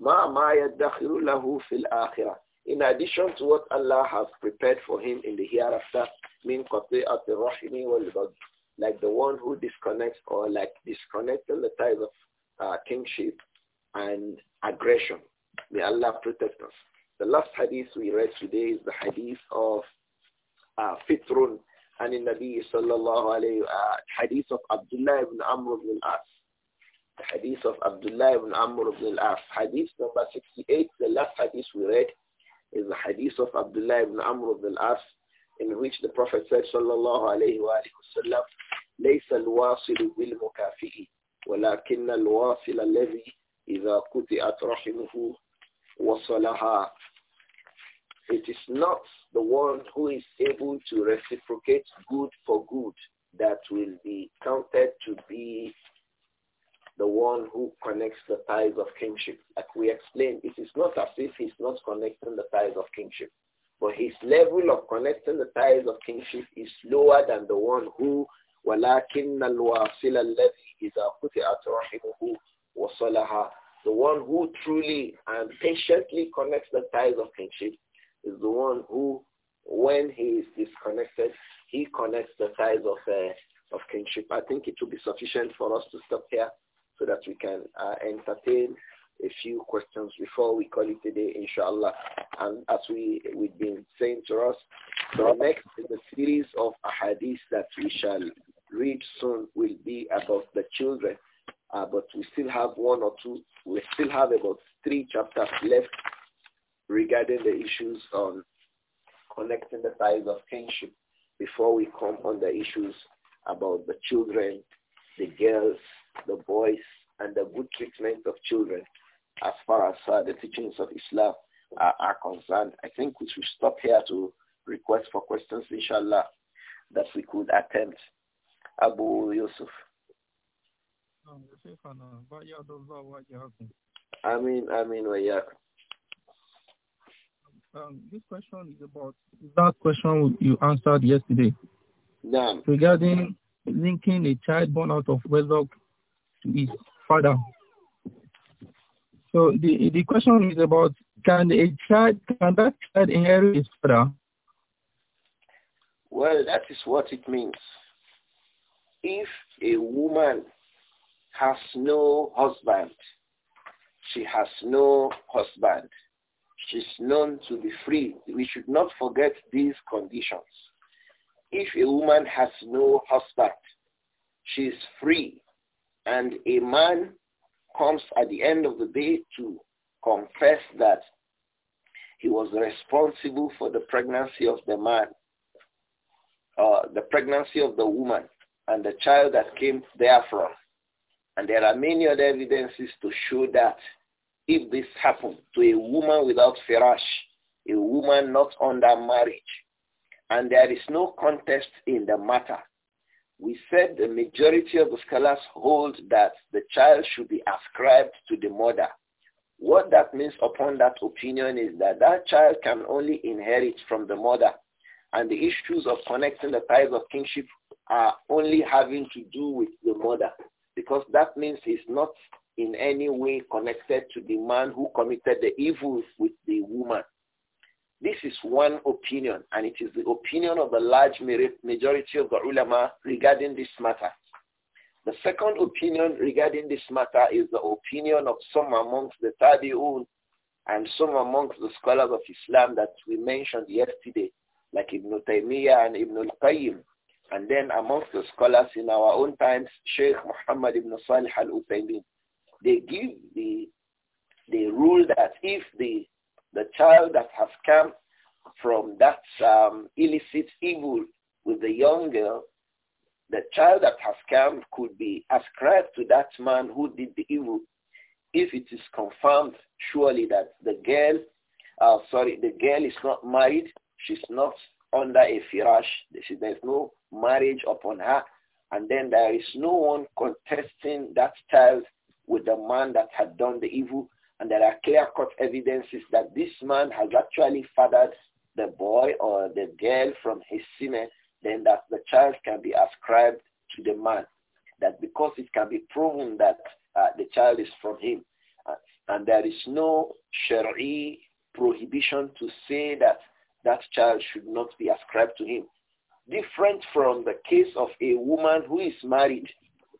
مَا مَا يَدَّخِرُ لَهُ فِي الْآخِرَةِ In addition to what Allah has prepared for him in the hereafter, مِنْ قَطِيعَةِ الرَّحِمِ وَالْبَغْضِ Like the one who disconnects or like disconnecting the ties of uh, kingship and aggression. May Allah protect us. The last hadith we read today is the hadith of uh, Fitrun and in Nabi sallallahu alayhi uh, hadith of Abdullah ibn Amr ibn al-As. Hadith of Abdullah ibn Amr ibn al-As. Hadith number 68, the last hadith we read is the hadith of Abdullah ibn Amr ibn al-As in which the Prophet said sallallahu alayhi wa sallam, لَيْسَ الْوَاصِلُ بِالْمُكَافِئِ ولكن الواصل الذي إذا قطعت رحمه وصلها It is not the one who is able to reciprocate good for good that will be counted to be the one who connects the ties of kingship. Like we explained, it is not as if he's not connecting the ties of kingship. But his level of connecting the ties of kingship is lower than the one who وَلَكِنَّ الْوَاصِلَ الَّذِي إِذَا رَحِمُهُ The one who truly and patiently connects the ties of kinship is the one who, when he is disconnected, he connects the ties of, uh, of kinship. I think it will be sufficient for us to stop here so that we can uh, entertain a few questions before we call it a day, inshallah. And as we, we've been saying to us, the next is a series of ahadith that we shall Read soon will be about the children. Uh, but we still have one or two, we still have about three chapters left regarding the issues on connecting the ties of kinship before we come on the issues about the children, the girls, the boys, and the good treatment of children as far as uh, the teachings of Islam are, are concerned. I think we should stop here to request for questions, inshallah, that we could attempt. Abu Yusuf. I mean, I mean, yeah. Um, this question is about that question you answered yesterday. Yeah. Regarding linking a child born out of wedlock to his father. So the the question is about can a child can that child inherit his father? Well, that is what it means if a woman has no husband, she has no husband. She's known to be free. We should not forget these conditions. If a woman has no husband, she is free. And a man comes at the end of the day to confess that he was responsible for the pregnancy of the man, uh, the pregnancy of the woman and the child that came therefrom. And there are many other evidences to show that if this happened to a woman without firash, a woman not under marriage, and there is no contest in the matter, we said the majority of the scholars hold that the child should be ascribed to the mother. What that means upon that opinion is that that child can only inherit from the mother. And the issues of connecting the ties of kingship are only having to do with the mother because that means he's not in any way connected to the man who committed the evil with the woman. This is one opinion, and it is the opinion of the large majority of the ulama regarding this matter. The second opinion regarding this matter is the opinion of some amongst the Tabi'un and some amongst the scholars of Islam that we mentioned yesterday, like Ibn Taymiyyah and Ibn al-Qayyim. And then amongst the scholars in our own times, Sheikh Muhammad ibn Salih al-Utaymin, they give the, the rule that if the, the child that has come from that um, illicit evil with the young girl, the child that has come could be ascribed to that man who did the evil. If it is confirmed surely that the girl, uh, sorry, the girl is not married, she's not under a firash, there's no marriage upon her. And then there is no one contesting that child with the man that had done the evil. And there are clear-cut evidences that this man has actually fathered the boy or the girl from his semen, then that the child can be ascribed to the man. That because it can be proven that uh, the child is from him. Uh, and there is no Sharia prohibition to say that that child should not be ascribed to him different from the case of a woman who is married.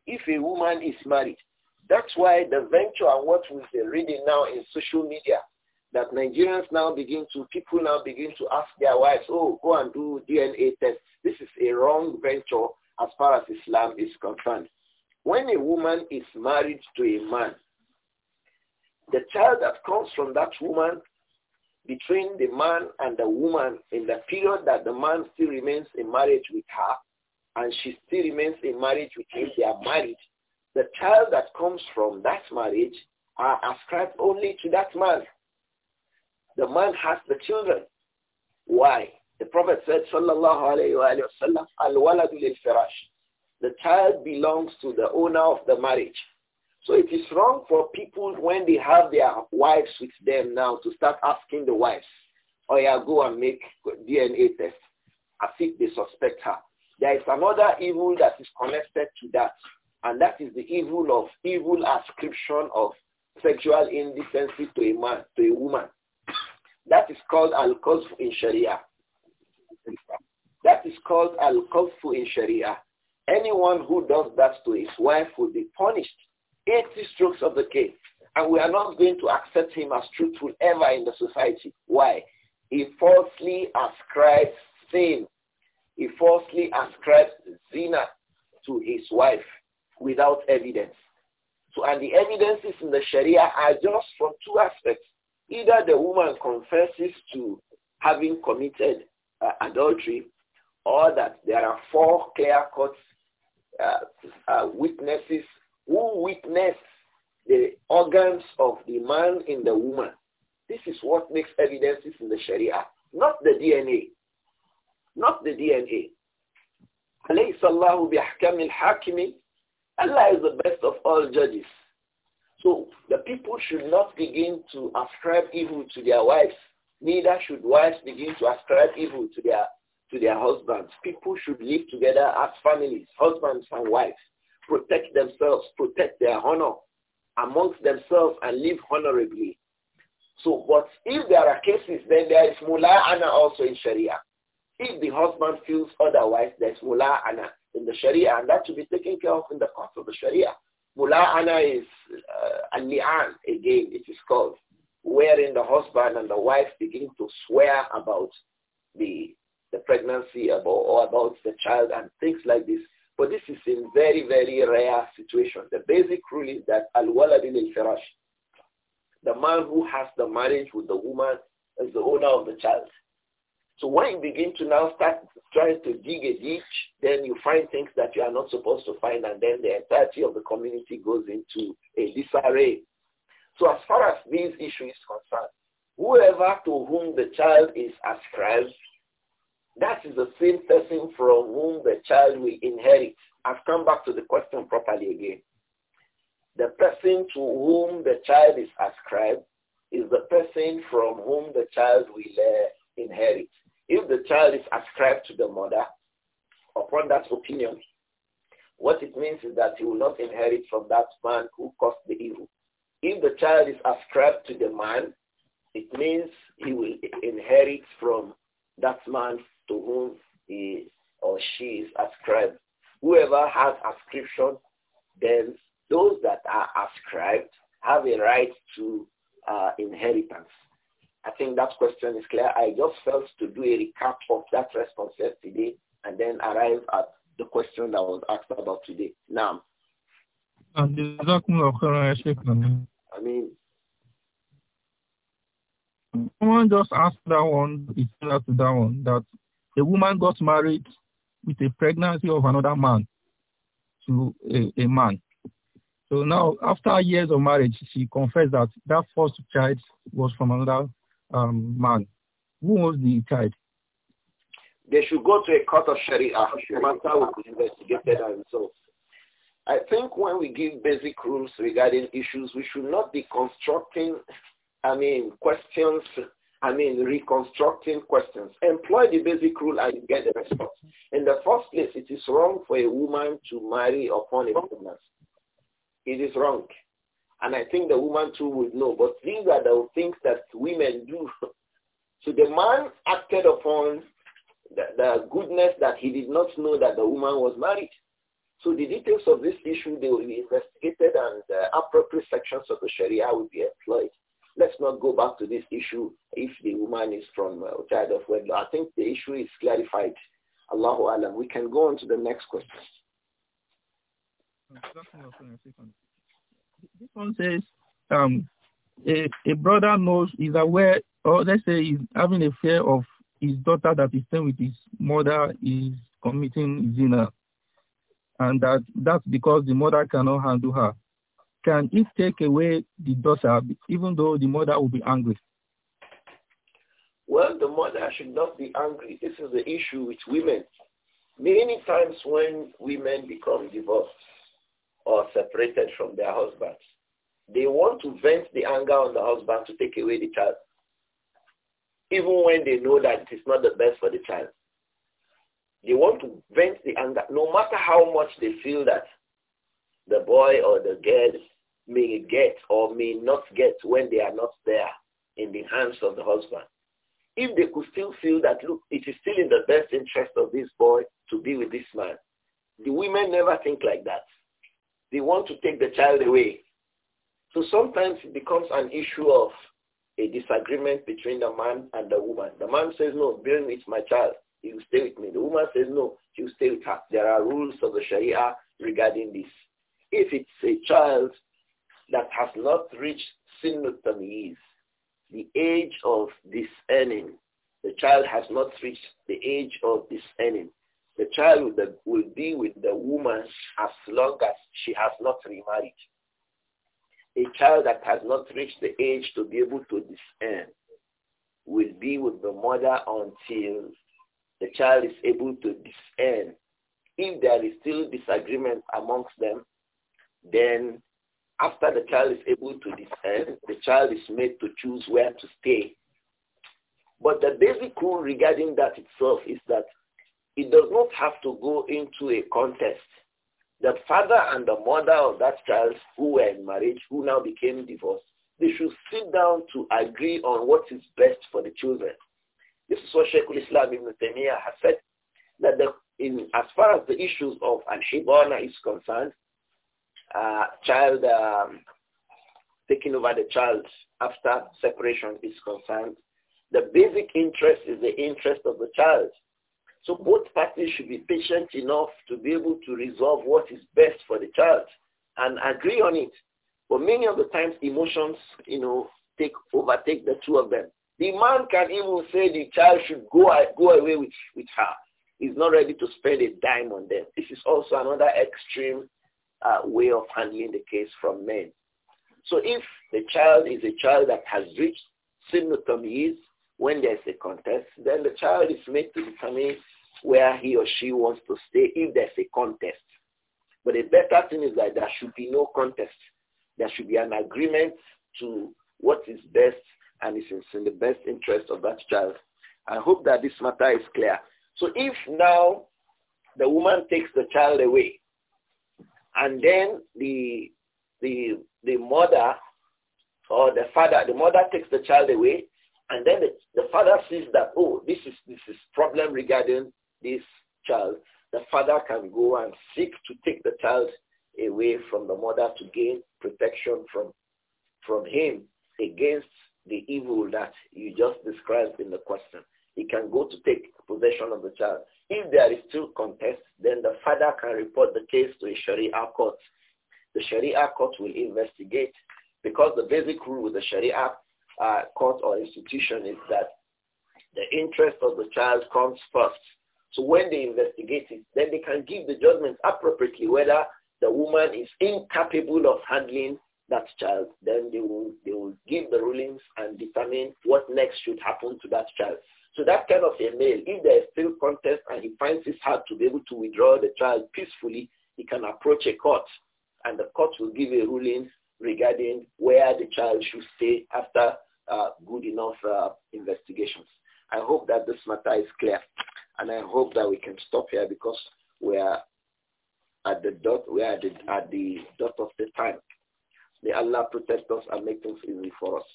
If a woman is married, that's why the venture and what we're reading now in social media, that Nigerians now begin to, people now begin to ask their wives, oh, go and do DNA test. This is a wrong venture as far as Islam is concerned. When a woman is married to a man, the child that comes from that woman between the man and the woman in the period that the man still remains in marriage with her and she still remains in marriage with him, they are married, the child that comes from that marriage are ascribed only to that man. The man has the children. Why? The Prophet said, Sallallahu Alaihi Wasallam, wa Al-Waladu The child belongs to the owner of the marriage. So it is wrong for people when they have their wives with them now to start asking the wives, oh yeah, go and make DNA test as if they suspect her. There is another evil that is connected to that, and that is the evil of evil ascription of sexual indecency to a man, to a woman. That is called al-qazf in Sharia. That is called al-qazf in Sharia. Anyone who does that to his wife will be punished 80 strokes of the case, And we are not going to accept him as truthful ever in the society. Why? He falsely ascribes sin. He falsely ascribes zina to his wife without evidence. So, and the evidences in the Sharia are just from two aspects. Either the woman confesses to having committed uh, adultery or that there are four clear-cut uh, uh, witnesses who witnessed the organs of the man in the woman. This is what makes evidences in the Sharia, not the DNA. Not the DNA. Allah is the best of all judges. So the people should not begin to ascribe evil to their wives. Neither should wives begin to ascribe evil to their to their husbands. People should live together as families, husbands and wives protect themselves, protect their honor amongst themselves and live honorably. So, but if there are cases, then there is mula'ana also in Sharia. If the husband feels otherwise, there's mula'ana in the Sharia, and that should be taken care of in the court of the Sharia. Mula'ana is uh, al-li'an, again, it is called, wherein the husband and the wife begin to swear about the, the pregnancy about, or about the child and things like this. But this is a very, very rare situation. The basic rule is that al waladil al-firash, the man who has the marriage with the woman is the owner of the child. So when you begin to now start trying to dig a ditch, then you find things that you are not supposed to find, and then the entirety of the community goes into a disarray. So as far as this issue is concerned, whoever to whom the child is ascribed that is the same person from whom the child will inherit. I've come back to the question properly again. The person to whom the child is ascribed is the person from whom the child will uh, inherit. If the child is ascribed to the mother, upon that opinion, what it means is that he will not inherit from that man who caused the evil. If the child is ascribed to the man, it means he will inherit from that man to whom he or she is ascribed. Whoever has ascription, then those that are ascribed have a right to uh, inheritance. I think that question is clear. I just felt to do a recap of that response yesterday and then arrive at the question that was asked about today. Now, I mean, someone just asked that one, it's similar to that one, that a woman got married with a pregnancy of another man to a, a man. So now, after years of marriage, she confessed that that first child was from another um, man. Who was the child? They should go to a court of Sharia. The matter will be investigated and resolved. I think when we give basic rules regarding issues, we should not be constructing, I mean, questions I mean, reconstructing questions. Employ the basic rule and get the response. In the first place, it is wrong for a woman to marry upon a pregnancy. It is wrong. And I think the woman too would know. But these are the things that women do. so the man acted upon the, the goodness that he did not know that the woman was married. So the details of this issue, they will be investigated and the uh, appropriate sections of the Sharia will be employed Let's not go back to this issue if the woman is from outside uh, child of wedlock. I think the issue is clarified. Allahu Alam. We can go on to the next question. This one says, um, a, a brother knows, is aware, or let's say he's having a fear of his daughter that is staying with his mother is committing zina. And that that's because the mother cannot handle her can it take away the daughter, even though the mother will be angry? Well, the mother should not be angry. This is the issue with women. Many times when women become divorced or separated from their husbands, they want to vent the anger on the husband to take away the child, even when they know that it is not the best for the child. They want to vent the anger, no matter how much they feel that the boy or the girl may get or may not get when they are not there in the hands of the husband. If they could still feel that, look, it is still in the best interest of this boy to be with this man. The women never think like that. They want to take the child away. So sometimes it becomes an issue of a disagreement between the man and the woman. The man says, no, bring with my child. He will stay with me. The woman says, no, she will stay with her. There are rules of the Sharia regarding this if it's a child that has not reached years, the age of discerning, the child has not reached the age of discerning, the child will be with the woman as long as she has not remarried. A child that has not reached the age to be able to discern will be with the mother until the child is able to discern. If there is still disagreement amongst them, then after the child is able to discern, the child is made to choose where to stay. But the basic rule regarding that itself is that it does not have to go into a contest. The father and the mother of that child who were in marriage, who now became divorced, they should sit down to agree on what is best for the children. This is what Sheikh Islam Ibn Taymiyyah has said, that the, in, as far as the issues of al-hibana is concerned, child um, taking over the child after separation is concerned, the basic interest is the interest of the child. So both parties should be patient enough to be able to resolve what is best for the child and agree on it. But many of the times emotions, you know, take overtake the two of them. The man can even say the child should go go away with, with her. He's not ready to spend a dime on them. This is also another extreme uh, way of handling the case from men. So if the child is a child that has reached years, when there's a contest, then the child is made to determine where he or she wants to stay if there's a contest. But the better thing is that there should be no contest. There should be an agreement to what is best and is in the best interest of that child. I hope that this matter is clear. So if now the woman takes the child away and then the, the, the mother or the father, the mother takes the child away and then the, the father sees that, oh, this is, this is problem regarding this child. The father can go and seek to take the child away from the mother to gain protection from, from him against the evil that you just described in the question. He can go to take possession of the child. If there is still contest, then the father can report the case to a Sharia court. The Sharia court will investigate because the basic rule with the Sharia uh, court or institution is that the interest of the child comes first. So when they investigate it, then they can give the judgment appropriately whether the woman is incapable of handling that child. Then they will, they will give the rulings and determine what next should happen to that child. So that kind of a male, if there is still contest and he finds it hard to be able to withdraw the child peacefully, he can approach a court and the court will give a ruling regarding where the child should stay after uh, good enough uh, investigations. I hope that this matter is clear and I hope that we can stop here because we are at the dot, we are at the, at the dot of the time. May Allah protect us and make things easy for us.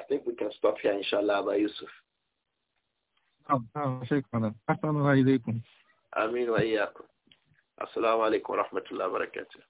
I think we can stop here, inshallah, by Yusuf. نعم نعم شكرا أحسن الله إليكم آمين وإياكم السلام عليكم ورحمة الله وبركاته